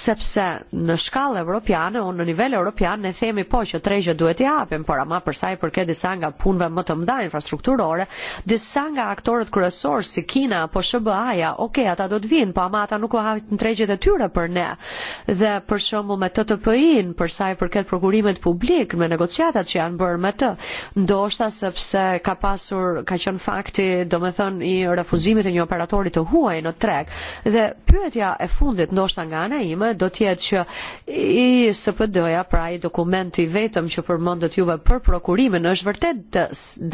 sepse në shkallë evropiane, unë në nivel evropian ne themi po që tregje duhet i japim, por ama për sa i përket disa nga punëve më të mëdha infrastrukturore, disa nga aktorët kryesorë si Kina apo SBA-ja, okay, ata do të vinë, po ama ata nuk u hapin tregjet e tyre për ne. Dhe për shembull me TTP-in, për sa i përket prokurimet publik, me negociatat që janë bërë me të, ndoshta sepse ka pasur ka qenë fakti, do me domethënë i refuzimit të e një operatori të huaj në treg. Dhe pyetja e fundit ndoshta nga ana ime do të jetë që spd ja pra ai dokumenti vetëm që përmendet juve për prokurimin është vërtet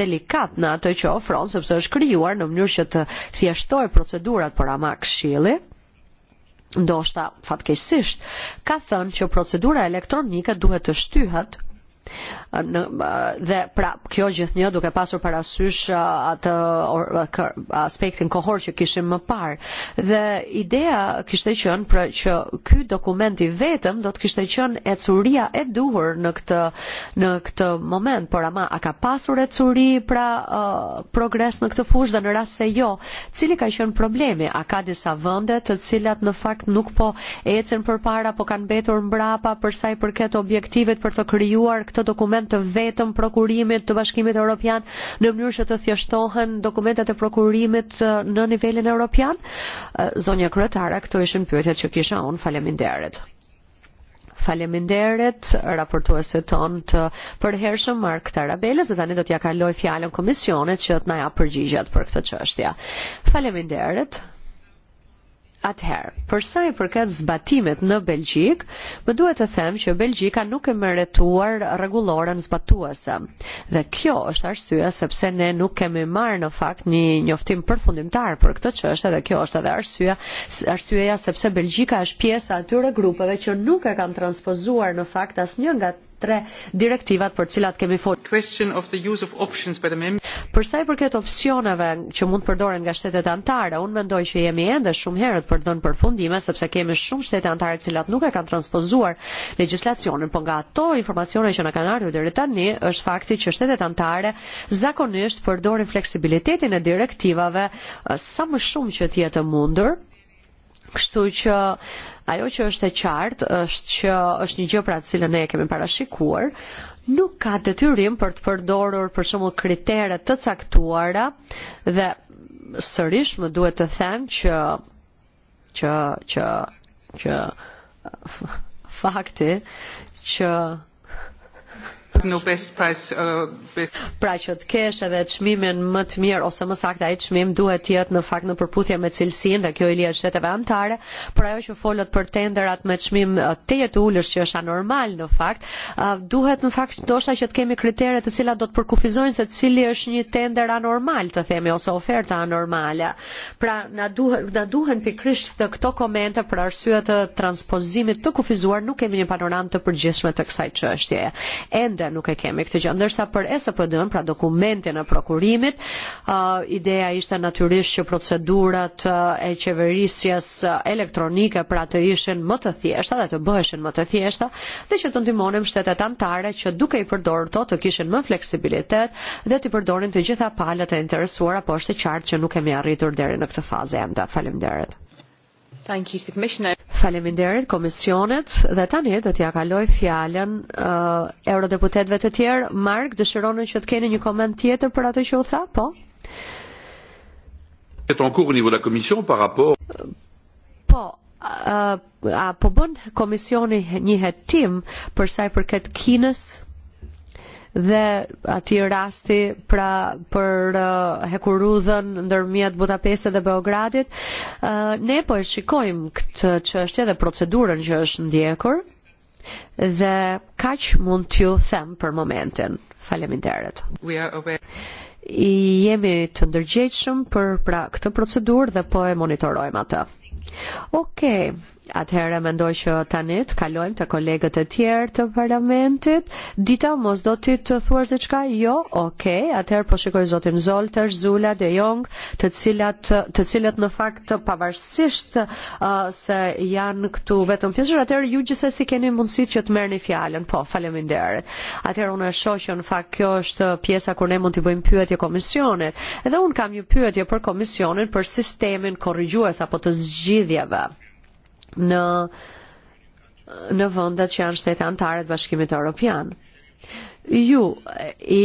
delikat në atë që ofron sepse është krijuar në mënyrë që të thjeshtoj procedurat për ama këshilli ndoshta fatkeqësisht ka thënë që procedura elektronike duhet të shtyhet dhe uh, pra kjo gjithnjë duke pasur parasysh atë aspektin uh, uh, kohor që kishim më parë. Dhe ideja kishte qenë pra që ky dokument i vetëm do të kishte qenë ecuria e duhur në këtë në këtë moment, por ama a ka pasur ecuri pra uh, progres në këtë fushë dhe në rast se jo, cili ka qenë problemi? A ka disa vende të cilat në fakt nuk po ecën përpara, po kanë mbetur mbrapa për sa i përket objektivit për të krijuar këtë dokument të vetëm prokurimit të Bashkimit Evropian eh, në mënyrë që të thjeshtohen dokumentet e prokurimit në nivelin evropian? Eh, Zonja kryetare, këto ishin pyetjet që kisha unë. Faleminderit. Faleminderit raportuesit ton të eh, përhershëm Mark Tarabelës dhe tani do t'ja kaloj fjalën komisionit që të na jap përgjigjet për këtë çështje. Faleminderit. Atëherë, për sa i përket zbatimet në Belgjik, më duhet të them që Belgjika nuk e merretuar rregulloren zbatuese. Dhe kjo është arsyeja sepse ne nuk kemi marrë në fakt një njoftim përfundimtar për këtë çështje dhe kjo është edhe arsyeja arsyeja sepse Belgjika është pjesë e atyre grupeve që nuk e kanë transpozuar në fakt asnjë nga tre direktivat për cilat kemi folur. Për sa i përket opsioneve që mund përdoren nga shtetet anëtare, unë mendoj që jemi ende shumë herët për dhënë përfundime sepse kemi shumë shtete anëtare të cilat nuk e kanë transpozuar legjislacionin, por nga ato informacione që na kanë ardhur deri tani është fakti që shtetet anëtare zakonisht përdorin fleksibilitetin e direktivave sa më shumë që të jetë e mundur Kështu që ajo që është e qartë është që është një gjë pra të e cilën ne e kemi parashikuar, nuk ka detyrim për të përdorur për shembull kritere të caktuara dhe sërish më duhet të them që që që që fakti që Pra që të kesh edhe çmimin më të mirë ose më saktë ai çmim duhet të jetë në fakt në përputhje me cilësinë dhe kjo i lihet shteteve anëtare, por ajo që folët për tenderat me çmim të jetë ulësh që është anormal në fakt, duhet në fakt ndoshta që të kemi kritere të cilat do të përkufizojnë se cili është një tender anormal të themi ose oferta anormale. Pra na duhet na duhen pikërisht të këto komente për arsye të transpozimit të kufizuar nuk kemi një panoramë të përgjithshme të kësaj çështjeje. Ende nuk e kemi këtë gjë. Ndërsa për SPD-n, pra dokumentin e prokurimit, uh, ideja ishte natyrisht që procedurat uh, e qeverisjes uh, elektronike pra të ishin më të thjeshta dhe të bëheshin më të thjeshta dhe që të ndihmonim shtetet anëtare që duke i përdorur to të kishin më fleksibilitet dhe të përdorin të gjitha palët e interesuara, por është e qartë që nuk kemi arritur deri në këtë fazë ende. Faleminderit. Thank you to the Commissioner. Faleminderit Komisionit dhe tani do t'ja kaloj fjalën uh, eurodeputetëve të tjerë. Mark, dëshironi që të keni një koment tjetër për atë që u tha, po? Est en cours au niveau de la commission par rapport Po, uh, a po bën komisioni një hetim për sa i përket Kinës? dhe aty rasti pra për uh, hekurudhën ndërmjet Budapestit dhe Beogradit. Uh, ne po e shikojmë këtë çështje dhe procedurën që është ndjekur dhe kaq mund t'ju them për momentin. Faleminderit. We are aware. I jemi të ndërgjegjshëm për pra këtë procedurë dhe po e monitorojmë atë. Okej. Okay atëherë mendoj që tani të kalojmë te kolegët e tjerë të parlamentit. Dita mos do ti të thuash diçka? Jo, okay, atëherë po shikoj zotin Zolter, Zula, De Jong, të cilat të cilët në fakt pavarësisht uh, se janë këtu vetëm pjesë, atëherë ju gjithsesi keni mundësi që të merrni fjalën. Po, faleminderit. Atëherë unë e shoh që në fakt kjo është pjesa kur ne mund të bëjmë pyetje komisionit. Edhe un kam një pyetje për komisionin për sistemin korrigjues apo të zgjidhjeve në në vendet që janë shtete anëtare të Bashkimit Evropian. Ju i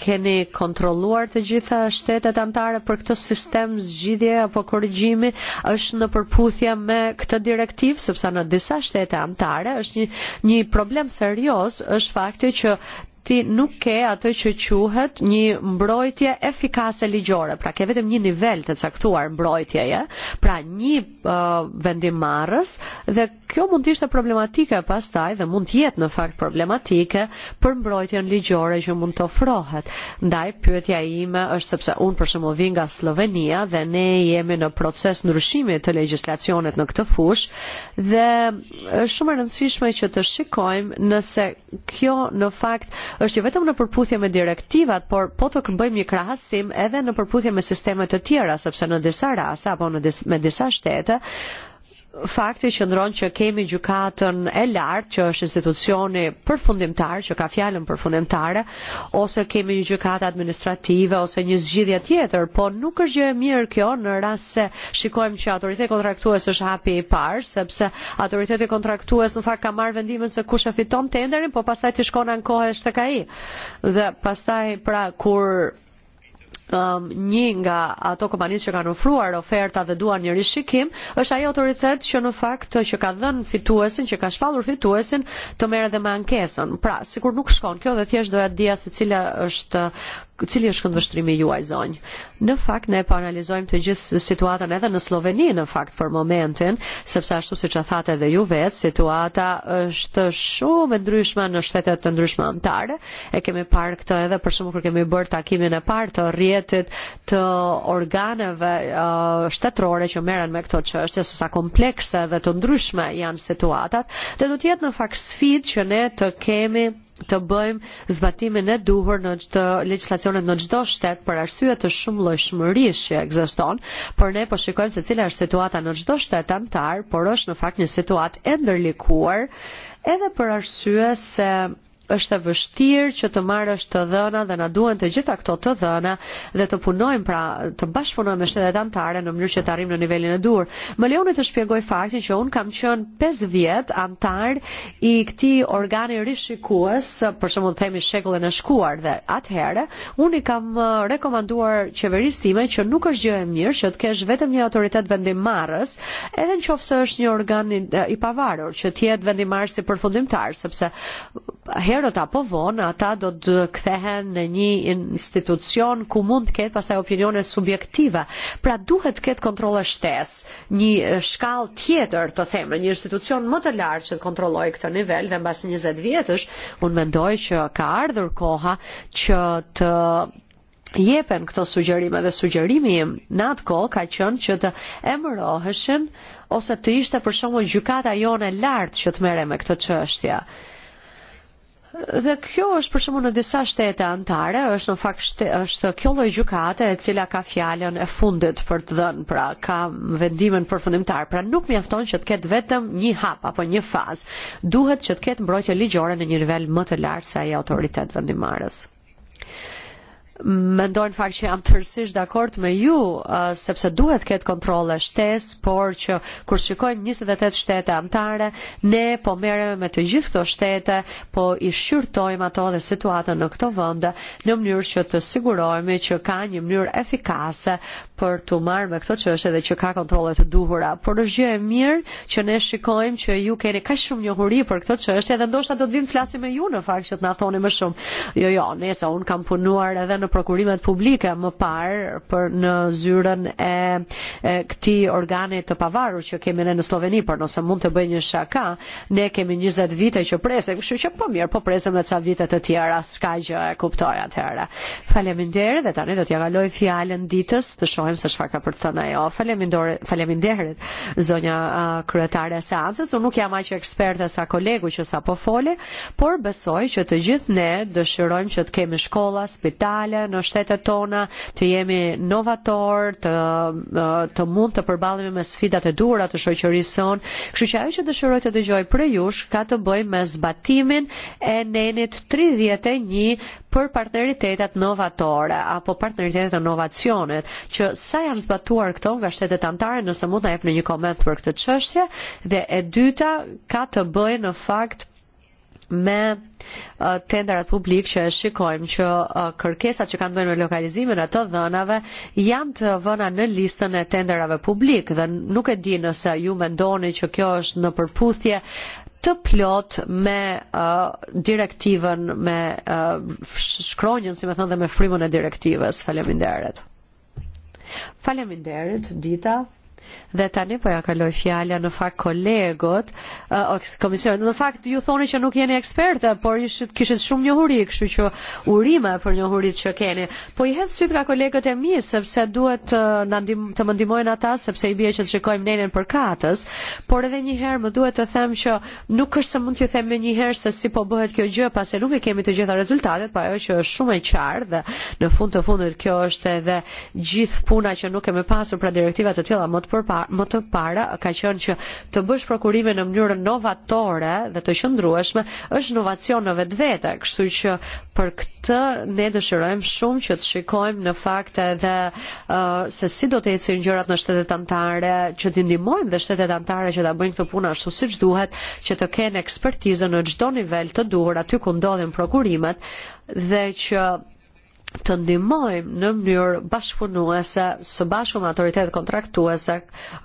keni kontrolluar të gjitha shtetet anëtare për këtë sistem zgjidhje apo korrigjimi është në përputhje me këtë direktivë sepse në disa shtete anëtare është një një problem serioz është fakti që ti nuk ke atë që quhet një mbrojtje efikase ligjore, pra ke vetëm një nivel të caktuar mbrojtjeje, pra një uh, vendimarrës dhe kjo mund të ishte problematike pastaj dhe mund të jetë në fakt problematike për mbrojtjen ligjore që mund të ofrohet. Ndaj pyetja ime është sepse unë për shembull vi nga Slovenia dhe ne jemi në proces ndryshimi të legjislacionit në këtë fushë dhe është e, shumë e rëndësishme që të shikojmë nëse kjo në fakt është jo vetëm në përputhje me direktivat, por po të bëjmë një krahasim edhe në përputhje me sistemet të tjera, sepse në disa raste apo në dis, me disa shtete fakti që ndron që kemi gjykatën e lartë që është institucioni përfundimtar që ka fjalën përfundimtare ose kemi një gjykatë administrative ose një zgjidhje tjetër, po nuk është gjë e mirë kjo në rast se shikojmë që autoriteti kontraktues është hapi i parë sepse autoriteti kontraktues në fakt ka marrë vendimin se kush e fiton tenderin, po pastaj ti shkon ankohesh tek ai. Dhe pastaj pra kur Um, një nga ato kompanisë që kanë ofruar oferta dhe duan një rishikim, është ai autoritet që në fakt që ka dhënë fituesin, që ka shpallur fituesin, të merret edhe me ankesën. Pra, sikur nuk shkon kjo dhe thjesht doja të dija se cila është cili është këndvështrimi juaj zonjë. Në fakt ne po analizojmë të gjithë situatën edhe në Sloveni në fakt për momentin, sepse ashtu siç e thatë edhe ju vetë, situata është shumë e ndryshme në shtetet të ndryshme anëtare. E kemi parë këtë edhe për shkak kur kemi bërë takimin e parë të rrjetit të organeve uh, shtetërore që merren me këto çështje, se sa komplekse dhe të ndryshme janë situatat, dhe do të jetë në fakt sfidë që ne të kemi të bëjmë zbatimin e duhur në çdo legjislacionet në çdo shtet për arsye të shumëllojshmërisë që ekziston, por ne po shikojmë se cila është situata në çdo shtet antar, por është në fakt një situatë e ndërlikuar edhe për arsye se është e vështirë që të marrësh të dhëna dhe na duhen të gjitha këto të dhëna dhe të punojmë pra të bashkëpunojmë me shtetet anëtare në mënyrë që të arrijmë në nivelin e dur. Më lejoni të shpjegoj faktin që un kam qenë 5 vjet antar i këtij organi rishikues, për shembull themi shekullin e shkuar dhe atëherë un i kam uh, rekomanduar qeverisë time që nuk është gjë e mirë që të kesh vetëm një autoritet vendimmarrës, edhe nëse është një organ uh, i pavarur që të jetë vendimarrës i përfundimtar, sepse atëherë do ta povon, ata do të kthehen në një institucion ku mund të ketë pastaj opinione subjektive. Pra duhet të ketë kontrolle shtesë, një shkallë tjetër, të them, një institucion më të lartë që të kontrollojë këtë nivel dhe mbas 20 vjetësh, unë mendoj që ka ardhur koha që të jepen këto sugjerime dhe sugjerimi im në atë kohë ka qenë që të emëroheshin ose të ishte për shembull gjykata jone lart që të merre me këtë çështje. Dhe kjo është për shumë në disa shtete antare, është në fakt shte, është kjo lloj gjykate e cila ka fjalën e fundit për të dhënë, pra ka vendimin përfundimtar. Pra nuk mjafton që të ketë vetëm një hap apo një fazë. Duhet që të ketë mbrojtje ligjore në një nivel më të lartë se ai autoritet vendimarrës mendojnë fakt që jam tërësisht dakord me ju, uh, sepse duhet këtë kontrole shtes, por që kur shikojmë 28 shtete antare, ne po merrem me të gjithë këto shtete, po i shqyrtojmë ato dhe situatën në këto vende në mënyrë që të sigurohemi që ka një mënyrë efikase për të marrë me këto çështje dhe që ka kontrole të duhura. Por është gjë e mirë që ne shikojmë që ju keni kaq shumë njohuri për këto çështje dhe ndoshta do të vim flasim me ju në fakt që të na thoni më shumë. Jo, jo, nëse un kam punuar edhe në në prokurimet publike më parë për në zyrën e, e këtij organi të pavarur që kemi ne në Sloveni, por nëse mund të bëj një shaka, ne kemi 20 vite që presim, kështu që po mirë, po presim edhe ca vite të tjera, s'ka gjë e kuptoj atëherë. Faleminderit dhe tani do t'ja kaloj fjalën ditës, të shohim se çfarë ka për të thënë ajo. Faleminderit, faleminderit zonja uh, kryetare e seancës. Unë nuk jam aq ekspert sa kolegu që sapo fole, por besoj që të gjithë ne dëshirojmë që të kemi shkolla, spitale, dalë në shtetet tona, të jemi novator, të e, të mund të përballemi me sfidat e dhura të shoqërisë sonë. Kështu që ajo që dëshiroj të dëgjoj për ju ka të bëjë me zbatimin e nenit 31 e për partneritetet novatore apo partneritetet e inovacionit, që sa janë zbatuar këto nga shtetet anëtare, nëse mund na në një koment për këtë çështje, dhe e dyta ka të bëjë në fakt me tenderat publik që e shikojmë që kërkesat që kanë bënë me lokalizimin e të dhënave janë të vëna në listën e tenderave publik dhe nuk e di nëse ju mendoni që kjo është në përputhje të plot me uh, direktivën, me uh, shkronjën, si me thënë, dhe me frymën e direktivës. Faleminderit. Faleminderit, Dita. Dhe tani po ja kaloj fjala në fakt kolegot uh, komisionit. Në fakt ju thoni që nuk jeni ekspertë, por ishit kishit shumë njohuri, kështu që urime për njohurit që keni. Po i hedh syt nga kolegët e mi sepse duhet uh, na ndim, të më ndihmojnë ata sepse i bie që të shikojmë nenën për katës, por edhe një herë më duhet të them që nuk është se mund t'ju them më një herë se si po bëhet kjo gjë, pasi nuk e kemi të gjitha rezultatet, pa ajo që është shumë e qartë dhe në fund të fundit kjo është edhe gjithë puna që nuk kemi pasur pra direktivat të e tilla më të më të para ka qenë që të bësh prokurime në mënyrë novatore dhe të qëndrueshme është inovacion në vetë vete, kështu që për këtë ne dëshirojmë shumë që të shikojmë në fakt edhe uh, se si do të ecin gjërat në shtetet anëtare, që të ndihmojmë dhe shtetet anëtare që ta bëjnë këtë punë ashtu siç duhet, që të kenë ekspertizën në çdo nivel të duhur aty ku ndodhin prokurimet dhe që të ndihmojmë në mënyrë bashkëpunuese së bashku me autoritetet kontraktuese,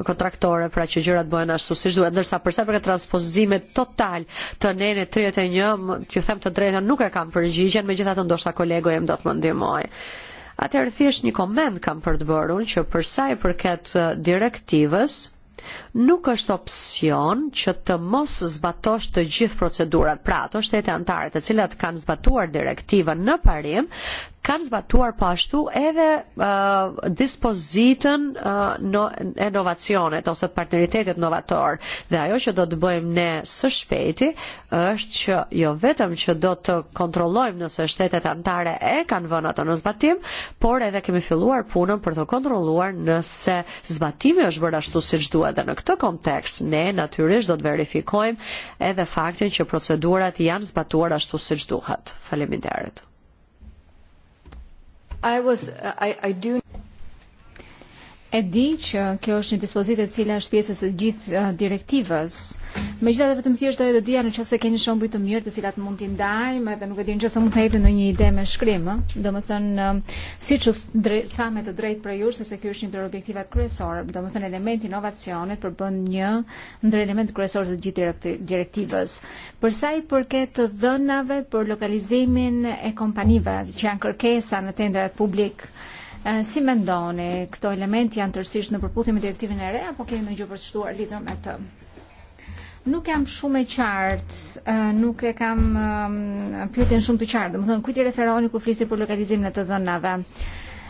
kontraktore, pra që gjërat bëhen ashtu siç duhet, ndërsa për sa përket transpozimit total të nene 31, ju them të drejtën, nuk e kam përgjigjen, megjithatë ndoshta kolegu im do të më ndihmoj Atëherë thjesht një koment kam për të bërë unë që për sa i përket eh, direktivës, Nuk është opsion që të mos zbatosh të gjithë procedurat. Pra, ato shtete antare të cilat kanë zbatuar direktivën në parim, zbatuar po ashtu edhe uh, dispozitën uh, no, e novacionet ose të partneritetit novator. Dhe ajo që do të bëjmë ne së shpejti është që jo vetëm që do të kontrollojmë nëse shtetet antare e kanë vënë ato në zbatim, por edhe kemi filluar punën për të kontrolluar nëse zbatimi është bërë ashtu siç duhet. Dhe në këtë kontekst ne natyrisht do të verifikojmë edhe faktin që procedurat janë zbatuar ashtu siç duhet. Faleminderit. I was, I, I do... E di që kjo është një dispozitë e cila është pjesë e gjithë uh, direktivës. Megjithatë vetëm thjesht doja të e dija nëse keni shembuj të mirë të cilat mund t'i ndajmë, edhe nuk e di nëse mund të jepni ndonjë ide me shkrim, ë. Domethënë siç u tha me të drejtë për ju, sepse ky është një ndër objektivat kryesorë, domethënë elementi inovacionit përbën një ndër element kryesor të gjithë direktivës. Për sa i përket të dhënave për lokalizimin e kompanive që janë kërkesa në tendrat publik, uh, Eh, si mendoni këto elementi janë tërësisht në përputhje me direktivën e re apo keni ndonjë për të shtuar lidhur me të? Nuk jam shumë e qartë, eh, nuk e kam ehm, pyetjen shumë të qartë, domethënë kujt i referoni kur flisni për lokalizimin e të dhënave? Uh,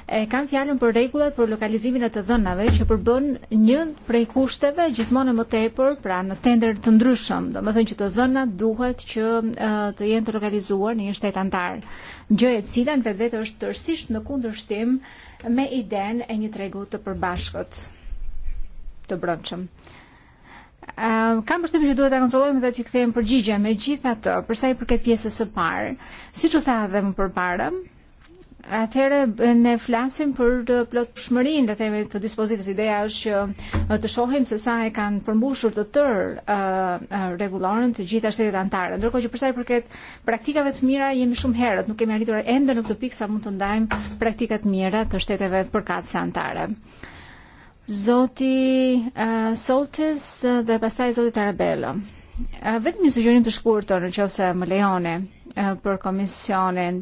e kanë fjalën për rregullat për lokalizimin e të dhënave që përbën një prej kushteve gjithmonë më tepër, pra në tender të ndryshëm, domethënë që të dhënat duhet që të jenë të lokalizuar në një shtet antar, gjë e cila në vetvete është tërësisht në kundërshtim me idenë e një tregu të përbashkët të brendshëm. Uh, kam përshtypjen që duhet ta kontrollojmë dhe të kthejmë përgjigje. Megjithatë, për sa i përket pjesës së parë, siç u tha edhe më përpara, Atëherë ne flasim për të uh, plotshmërinë, le të themi të dispozitës e ideja është që uh, të shohim se sa e kanë përmbushur të tërë rregulloren uh, të gjitha shtetet anëtare. Ndërkohë që për sa i përket praktikave të mira jemi shumë herët, nuk kemi arritur ende në këtë pikë sa mund të ndajmë praktika të mira të shteteve përkatëse anëtare. Zoti uh, Soltis dhe pastaj zoti Tarabella. Uh, vetëm një sugjerim të shkurtër nëse më lejoni uh, për komisionin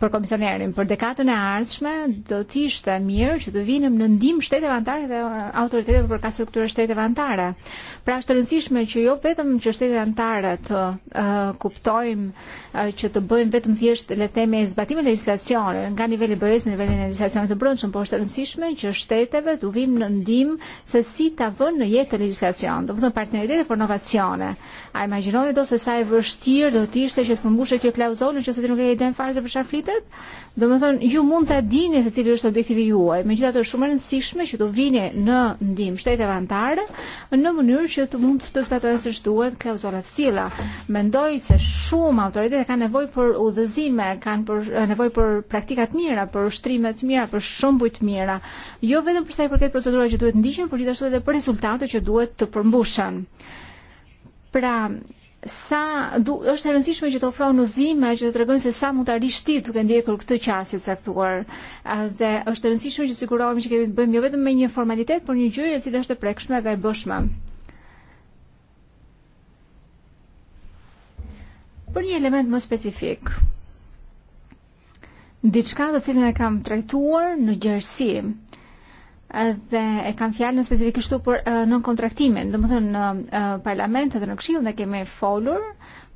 për komisionerin, për dekatën e ardhshme do të ishte mirë që të vinim në ndihmë shteteve anëtare dhe uh, autoritetet për kasë këtyre shteteve anëtare. Pra është e rëndësishme që jo vetëm që shtetet anëtare të uh, kuptojmë uh, që të bëjmë vetëm thjesht le të themi zbatimin e legjislacionit nga niveli BE-s në nivelin e legjislacionit të brendshëm, por është e rëndësishme që shteteve të vijnë në ndihmë se si ta vënë në jetë legjislacion, do të thonë partneritete për inovacione. A imagjinoni do se sa e vështirë do të ishte që të përmbushë kjo klauzulë nëse ti nuk e ke idenë fare për çfarë mbetet, do më thënë, ju mund të dini se cilë është objektivi juaj, me gjitha të shumë e rëndësishme që të vini në ndim shtetë e vantare, në mënyrë që të mund të spetore së shtuet klauzolat sila. Mendoj se shumë autoritet e ka nevoj për udhëzime, ka e, nevoj për praktikat mira, për shtrimet mira, për shumë bujt mira, jo vetëm përsa i përket procedurat që duhet ndiqen, por gjithashtu edhe për rezultate që duhet të përmbushen. Pra, sa, du, është e rëndësishme që të ofrohen uzime që të tregojnë se sa mund ta rish ti duke ndjekur këtë qasje të caktuar. Dhe është e rëndësishme që sigurohemi që kemi të bëjmë jo vetëm me një formalitet, por një gjë e cila është e prekshme dhe e bëshme. Për një element më specifik. Diçka të cilën e kam trajtuar në gjerësi dhe e kam fjalën specifikisht këtu për uh, e, nën kontraktimin. Domethënë në uh, parlament dhe në këshill ne kemi folur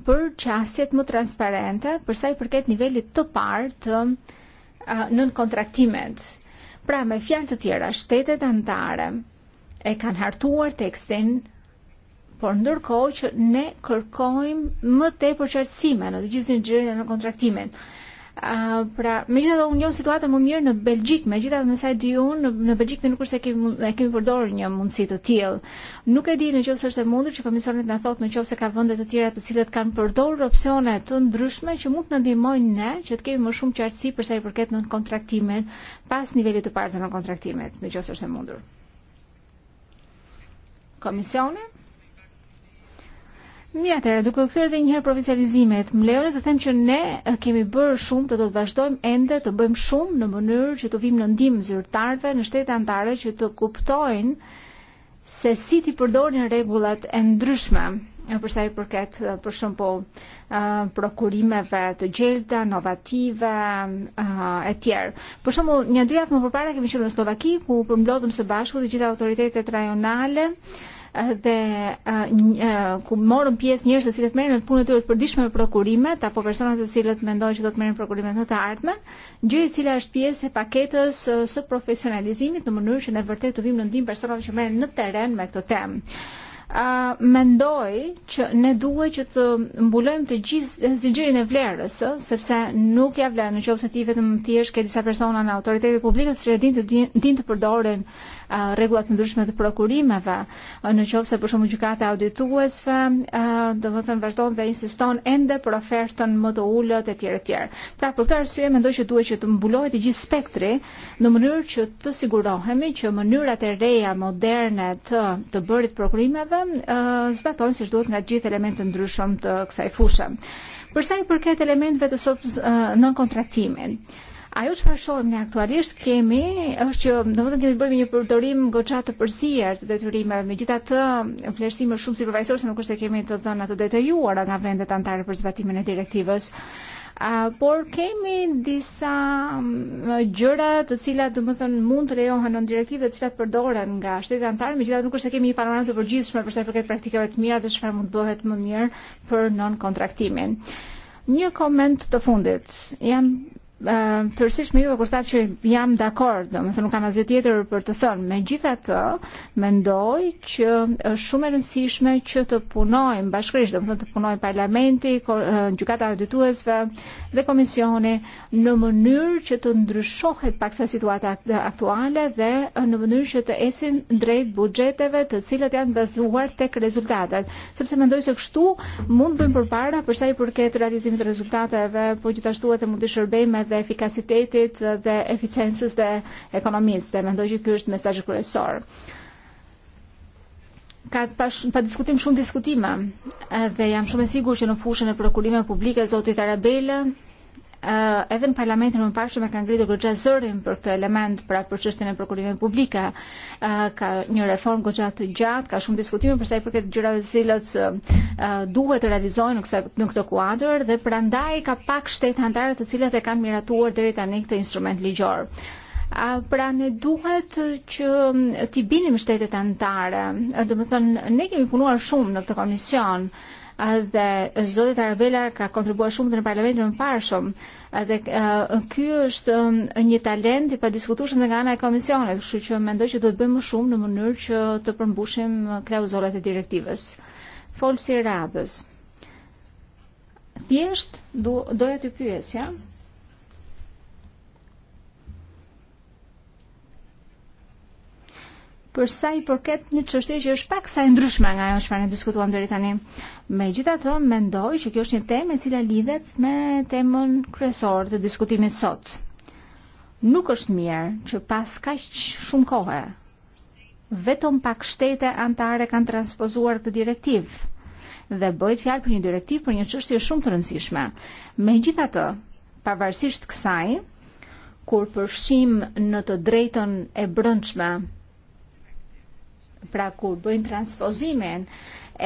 për qasjet më transparente për sa i përket nivelit të parë të uh, e, nën kontraktimit. Pra me fjalë të tjera, shtetet anëtare e kanë hartuar tekstin por ndërkohë që ne kërkojmë më tepër qartësime në të gjithë zinxhirin e kontraktimin pra me gjitha dhe unë jo situatën më mirë në Belgjik, me gjitha dhe nësaj di unë, në Belgjik dhe nuk është e kemi, kemi përdorë një mundësi të tjelë. Nuk e di në qofë është e mundur që komisionit në thotë në qofë se ka vëndet të tjera të cilët kanë përdorë opcione të ndryshme që mund të nëndimojnë ne që të kemi më shumë qartësi përsa i përket në kontraktimet pas nivellit të partë në kontraktimet në qofë është e mundur. Komisioni? Mjetër, duke u kthyer edhe një herë provincializimet më lejoni të them që ne kemi bërë shumë të do të vazhdojmë ende të bëjmë shumë në mënyrë që të vimë në ndihmë zyrtarëve në shtetet anëtare që të kuptojnë se si ti përdorin rregullat e ndryshme për sa i përket për shembull uh, prokurimeve të gjelda, novative e tjerë. Për shembull, një dy javë më parë kemi qenë në Slovaki ku përmblodhëm së bashku të gjitha autoritetet rajonale uh, dhe ku morën pjesë njerëz të cilët merren në punën e tyre të përditshme me prokurimet apo persona të cilët mendojnë se do të merren prokurimet në të ardhmen, gjë e cila është pjesë e paketës e, së profesionalizimit në mënyrë që ne vërtet të vimë në ndihmë personave që merren në terren me këtë temë Uh, mendoj që ne duhet që të mbulojmë të gjithë zinxhirin e vlerës, sepse nuk ja vlen nëse ti vetëm ti je ke disa persona në autoritetet publike që din të din, din të përdoren regulat ndryshme të prokurimeve. Në qoftë se për shembull gjykata audituesve do të thënë vazhdon dhe insiston ende për ofertën më të ulët etj etj. Pra për këtë arsye mendoj që duhet që të mbulohet i gjithë spektri në mënyrë që të sigurohemi që mënyrat e reja moderne të të bërit prokurimeve eh, zbatojnë siç duhet nga gjithë elementët ndryshëm të kësaj fushë. Përsa i përket elementëve të sot eh, nën kontraktimin, Ajo çfarë shohim ne aktualisht kemi është që domethënë kemi bërë një përdorim goxha të përsier të detyrimeve, megjithatë vlerësimi është shumë supervisor se nuk është se kemi të dhëna të detajuara nga vendet anëtare për zbatimin e direktivës. Uh, por kemi disa uh, gjëra të cilat do të domethënë mund të lejohen në direktivë të cilat përdoren nga shtetet anëtare, megjithatë nuk është se kemi një panoramë të përgjithshme për sa i përket praktikave të mira dhe çfarë mund të bëhet më mirë për non kontraktimin. Një koment të fundit. Jam Ehm, tërësisht me ju e kur thash që jam dakord, thë nuk kam asgjë tjetër për të thënë. Me gjitha Megjithatë, mendoj që është e, shumë e rëndësishme që të punojmë bashkërisht, thënë të punojë parlamenti, e, gjukata audituesve dhe komisioni në mënyrë që të ndryshohet pak sa situata aktuale dhe në mënyrë që të ecim drejt bugjeteve të cilët janë bazuar tek rezultatet, sepse mendoj se kështu mund bëjmë përpara për sa i përket realizimit të rezultateve, po gjithashtu edhe mund të shërbejmë da eficacitete, da eficiențës dhe ekonomisë dhe mendoj që ky është mesazhi kryesor. Ka pa, pa diskutim shumë diskutime eh, dhe jam shumë e sigur që në fushën e prokurime publike Zotit Arabele, Eh, edhe në parlamentin më e parë shumë e kanë ngritur goxha zërin për këtë element pra për çështjen e prokurimit publik Uh, eh, ka një reformë goxha të gjatë, ka shumë diskutime për sa i përket gjërave të cilat uh, duhet të realizohen në këtë në këtë kuadër dhe prandaj ka pak shtet anëtarë të cilat e kanë miratuar deri tani këtë instrument ligjor. A, pra ne duhet që t'i binim shtetet antare. Do të thënë, ne kemi punuar shumë në këtë komision. Uh, dhe zotit Arbela ka kontribuar shumë në parlamentin në parshëm dhe ky është një talent i pa diskutushëm dhe nga ana e komisionit, kështu që mendoj që do të bëjmë më shumë në mënyrë që të përmbushim klauzolat e direktivës. Folsi radhës. Thjesht do, doja të pyes ja? për sa i përket një çështje që është pak sa e ndryshme nga ajo çfarë ne diskutuam deri tani. Megjithatë, mendoj që kjo është një temë e cila lidhet me temën kryesore të diskutimit sot. Nuk është mirë që pas kaq shumë kohe vetëm pak shtete antare kanë transpozuar këtë direktivë dhe bëhet fjalë për një direktivë për një çështje shumë të rëndësishme. Megjithatë, pavarësisht kësaj, kur përfshim në të drejtën e brendshme pra placul intranspozime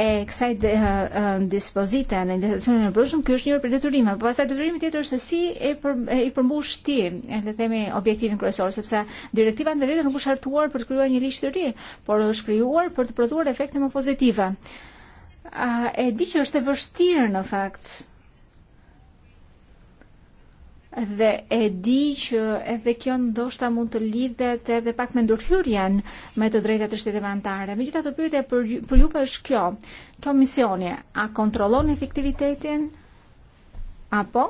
e kësaj uh, uh, dispozite në legislacionin e brojshëm, kjo është një detyrime. Po pastaj detyrimi tjetër se si e për, e, i e përmbush ti, le të themi objektivin kryesor, sepse direktiva në vetë e nuk është hartuar për të krijuar një ligj të ri, por është krijuar për të prodhuar efekte më pozitive. A, e di që është e vështirë në fakt dhe e di që edhe kjo ndoshta mund të lidhet edhe pak me ndërhyrjen me të drejtat të e shtetit anëtare. Megjithatë pyetja e për, për ju është kjo. Kjo misioni a kontrollon efektivitetin apo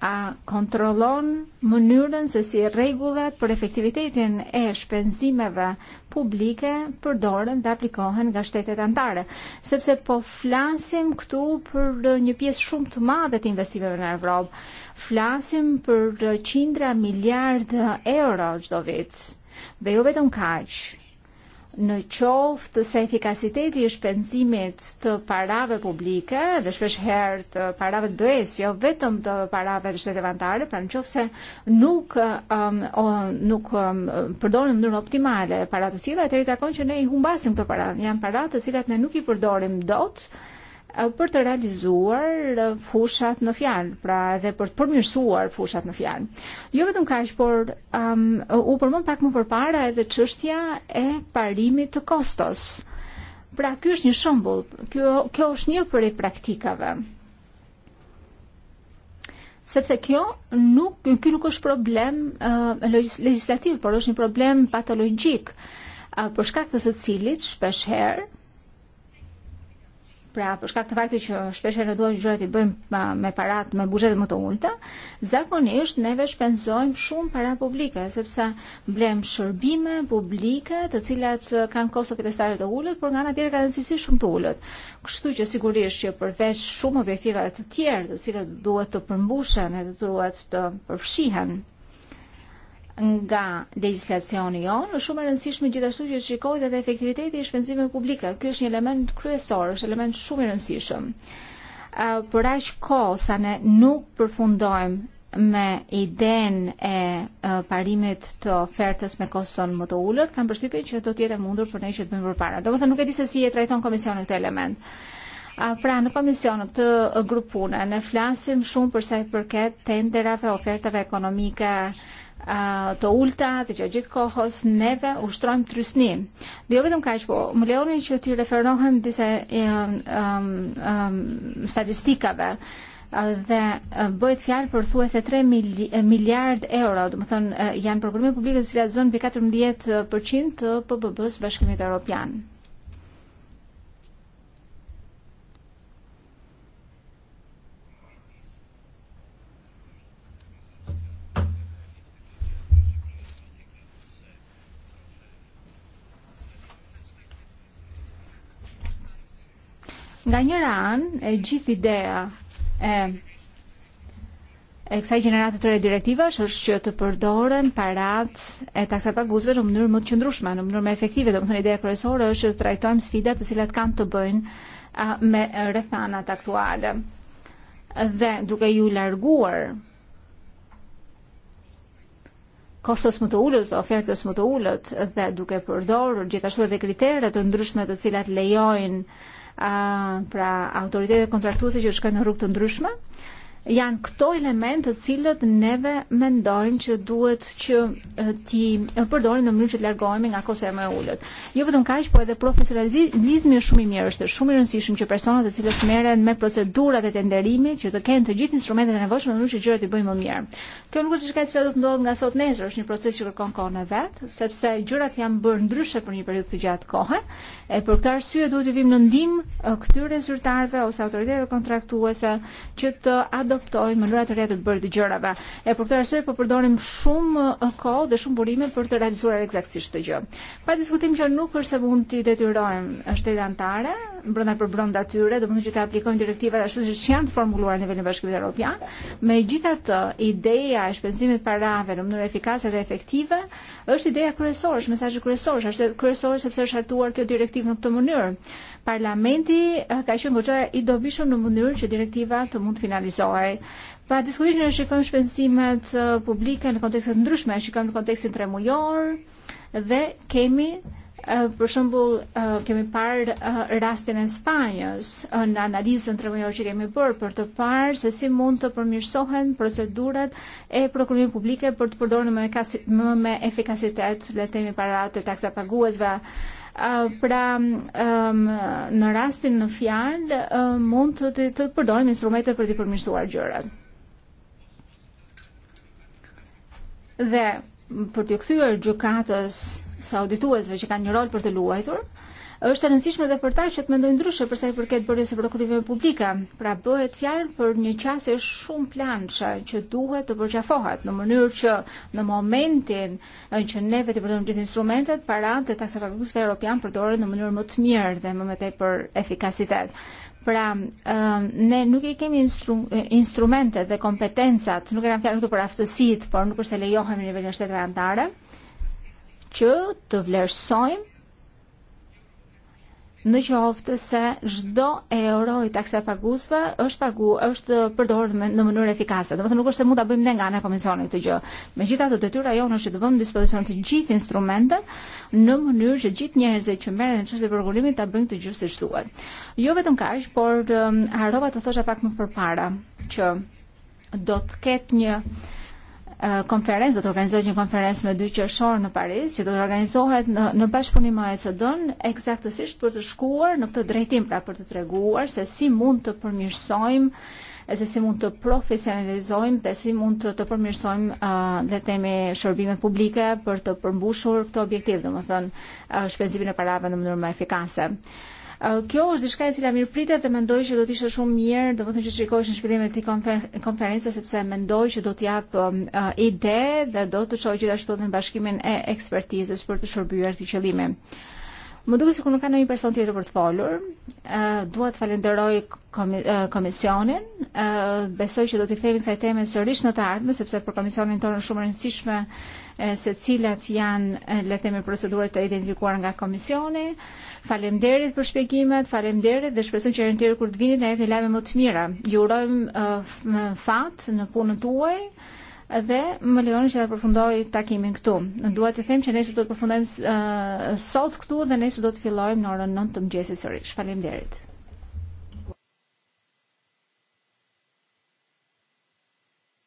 a kontrollon mënyrën se si rregullat për efektivitetin e shpenzimeve publike përdoren dhe aplikohen nga shtetet anëtare, sepse po flasim këtu për një pjesë shumë të madhe të investimeve në Evropë. Flasim për qindra miliardë euro çdo vit. Dhe jo vetëm kaq, në qoftë të se efikasiteti i shpenzimit të parave publike dhe shpesh herë të parave të bëjës, jo vetëm të parave të shtetëvantare, pra në qoftë se nuk um, o, nuk um, përdorim në optimale parat të e të rritakon që ne i humbasim të parat, Janë parat të cilat ne nuk i përdorim dot, për të realizuar fushat në fjalë, pra edhe për të përmirësuar fushat në fjalë. Jo vetëm kaq, por um, u përmend pak më përpara edhe çështja e parimit të kostos. Pra ky është një shembull, kjo kjo është një prej praktikave. Sepse kjo nuk ky nuk është problem uh, legislativ, por është një problem patologjik uh, për shkak të së cilit shpesh herë pra për shkak të faktit që shpesh herë duam gjërat i bëjmë me paratë, me buxhete më të ulta, zakonisht neve shpenzojmë shumë para publike, sepse blejmë shërbime publike, të cilat kanë kosto kretare të ulët, por nga ana tjetër kanë cilësi shumë të ulët. Kështu që sigurisht që përveç shumë objektivave të tjerë, të cilat duhet të përmbushen e duhet të përfshihen nga legislacioni jonë, shumë e rëndësishme gjithashtu që shikohet edhe efektiviteti i shpenzimeve publike. Ky është një element kryesor, është element shumë i rëndësishëm. Për aq kohë sa ne nuk përfundojmë me iden e, e parimit të ofertës me koston më të ullët, kam përshtypjen që do të jetë e mundur për ne që të bëjmë përpara. Domethënë nuk e di se si e trajton komisioni këtë element. Pra, në komisionë të grupune, ne flasim shumë përsa i përket tenderave, ofertave ekonomike, të ulta, të që gjithë kohës neve ushtrojmë trysnim. Diogëtëm ka ishpo, më leoni që ti referohem disa statistikave dhe bëhet fjalë për thua se 3 um, um, eh, eh, miliard euro, dhe më thënë janë programme publike të cilat zonë për 14% të PBB-s bashkëmit Europian. Nga njëra anë, eh, gjithë idea e eh, e kësaj gjenerate të redirektivash është që të përdoren parat e eh, taksat paguzve në mënyrë më të qëndrushme, në mënyrë më efektive, dhe më thënë ideja kërësore është që të trajtojmë sfidat të cilat kanë të bëjnë a, me rethanat aktuale. Dhe duke ju larguar kostos më të ullës, ofertës më të ullët dhe duke përdorur gjithashtu edhe kriteret të e ndryshme të cilat lejojnë pra autoritetet kontraktuese që shkojnë në rrugë të ndryshme janë këto elementë të cilët neve mendojmë që duhet që e, ti e, përdorim në mënyrë që të largohemi nga kosto e më e ulët. Jo vetëm kaq, po edhe profesionalizmi është shumë i mirë, është shumë i rëndësishëm që personat të e cilët merren me procedurat e tenderimit që të kenë të gjithë instrumentet e nevojshme në mënyrë që gjërat i bëjnë më mirë. Kjo nuk është diçka që do të ndodhë nga sot nesër, është një proces që kërkon kohën e vet, sepse gjërat janë bërë ndryshe për një periudhë të gjatë kohe, e për këtë arsye duhet të vim në ndihmë këtyre zyrtarëve ose autoriteteve kontraktuese që të ad adaptojnë në mënyra të re të bërë të gjërave. E për këtë arsye po përdorim shumë uh, kohë dhe shumë burime për të realizuar eksaktësisht këtë gjë. Pa diskutim që nuk është se mund t'i detyrojmë shtetet anëtare brenda për brenda tyre, thonë që të aplikojnë direktivat ashtu siç janë formuluar në nivelin e Bashkimit Evropian. Megjithatë, ideja e shpenzimit parave në mënyrë efikase dhe efektive është ideja kryesore, është mesazhi kryesor, është kryesor sepse është hartuar kjo direktivë në këtë mënyrë. Parlamenti eh, ka qenë goxha i dobishëm në mënyrën që direktiva të mund të finalizohej. Pa diskutimin e shikojmë shpenzimet eh, publike në kontekste të ndryshme, shikojmë në kontekstin tremujor dhe kemi por ejemplo, que me par uh, rastin en España, en la nariz entre mi rëmëjor që kemi por, por tu par, se si por mi përmirësohen procedurat e prokurim publike për të përdorë në më, me le letemi para la taxa të taksa paguesve. Uh, pra, um, në rastin në fjalë, uh, mund të, të përdorim instrumente për të përmirësuar gjërat. Dhe, për të kthyer gjykatës sa sauditues që kanë një rol për të luajtur, është e rëndësishme edhe për ta që të mendojnë ndryshe për sa i përket bërjes së prokurimeve publike. Pra bëhet fjalë për një qasje shumë plançe që duhet të përqafohet në mënyrë që në momentin e, që ne vetë përdorim gjithë instrumentet, paratë e taksapaguesve europian përdoren në mënyrë më të mirë dhe më, më tepër efikasitet. Pra, e, ne nuk i e kemi instru, instrumentet dhe kompetencat, nuk e kam fjalë këtu për aftësitë, por nuk është e lejohemi në nivelin shtetëror anëtare që të vlerësojmë në qoftë se çdo euro i taksa taksapaguesve është pagu, është përdorur në mënyrë efikase. Domethënë nuk është se mund ta bëjmë ne nga ana e komisionit këtë gjë. Megjithatë detyra jonë është të vëmë në dispozicion të gjithë instrumentet në mënyrë që gjithë njerëzit që merren në çështje rregullimit ta bëjnë të gjë siç duhet. Jo vetëm kaq, por um, harrova të thosha pak më përpara që do të ketë një konferenc, do të organizohet një konferencë me dy qershor në Paris, që do të organizohet në, në bashkëpunim me OECD-n, eksaktësisht për të shkuar në këtë drejtim, pra për të treguar se si mund të përmirësojmë se si mund të profesionalizojmë dhe si mund të, të përmirësojmë uh, le temi shërbime publike për të përmbushur këto objektiv, dhe më thënë uh, shpenzimin e parave në mënyrë më efikase. Uh, Kjo është diçka e cila mirë dhe mendoj që do të ishte shumë mirë, domethënë që shikosh në zhvillimin e këtij konfer konferencës sepse mendoj që do të jap uh, um, ide dhe do të çojë gjithashtu në bashkimin e ekspertizës për të shërbyer këtë qëllime. Më duket sikur nuk ka ndonjë person tjetër për të folur. Ë dua të falenderoj komisionin. Ë besoj që do t'i themi kësaj teme sërish në të ardhmen sepse për komisionin tonë është shumë e rëndësishme e, se cilat janë e, le të themi procedurat e identifikuara nga komisioni. Ë Faleminderit për shpjegimet, faleminderit dhe shpresoj që herën tjetër kur të vini ne jepni lajme më të mira. Ju urojmë uh, fat në punën tuaj dhe më lejoni që ta përfundoj takimin këtu. Dua të them që nesër do të përfundojmë uh, sot këtu dhe nesër do të fillojmë në orën 9 të mëngjesit sërish. Faleminderit.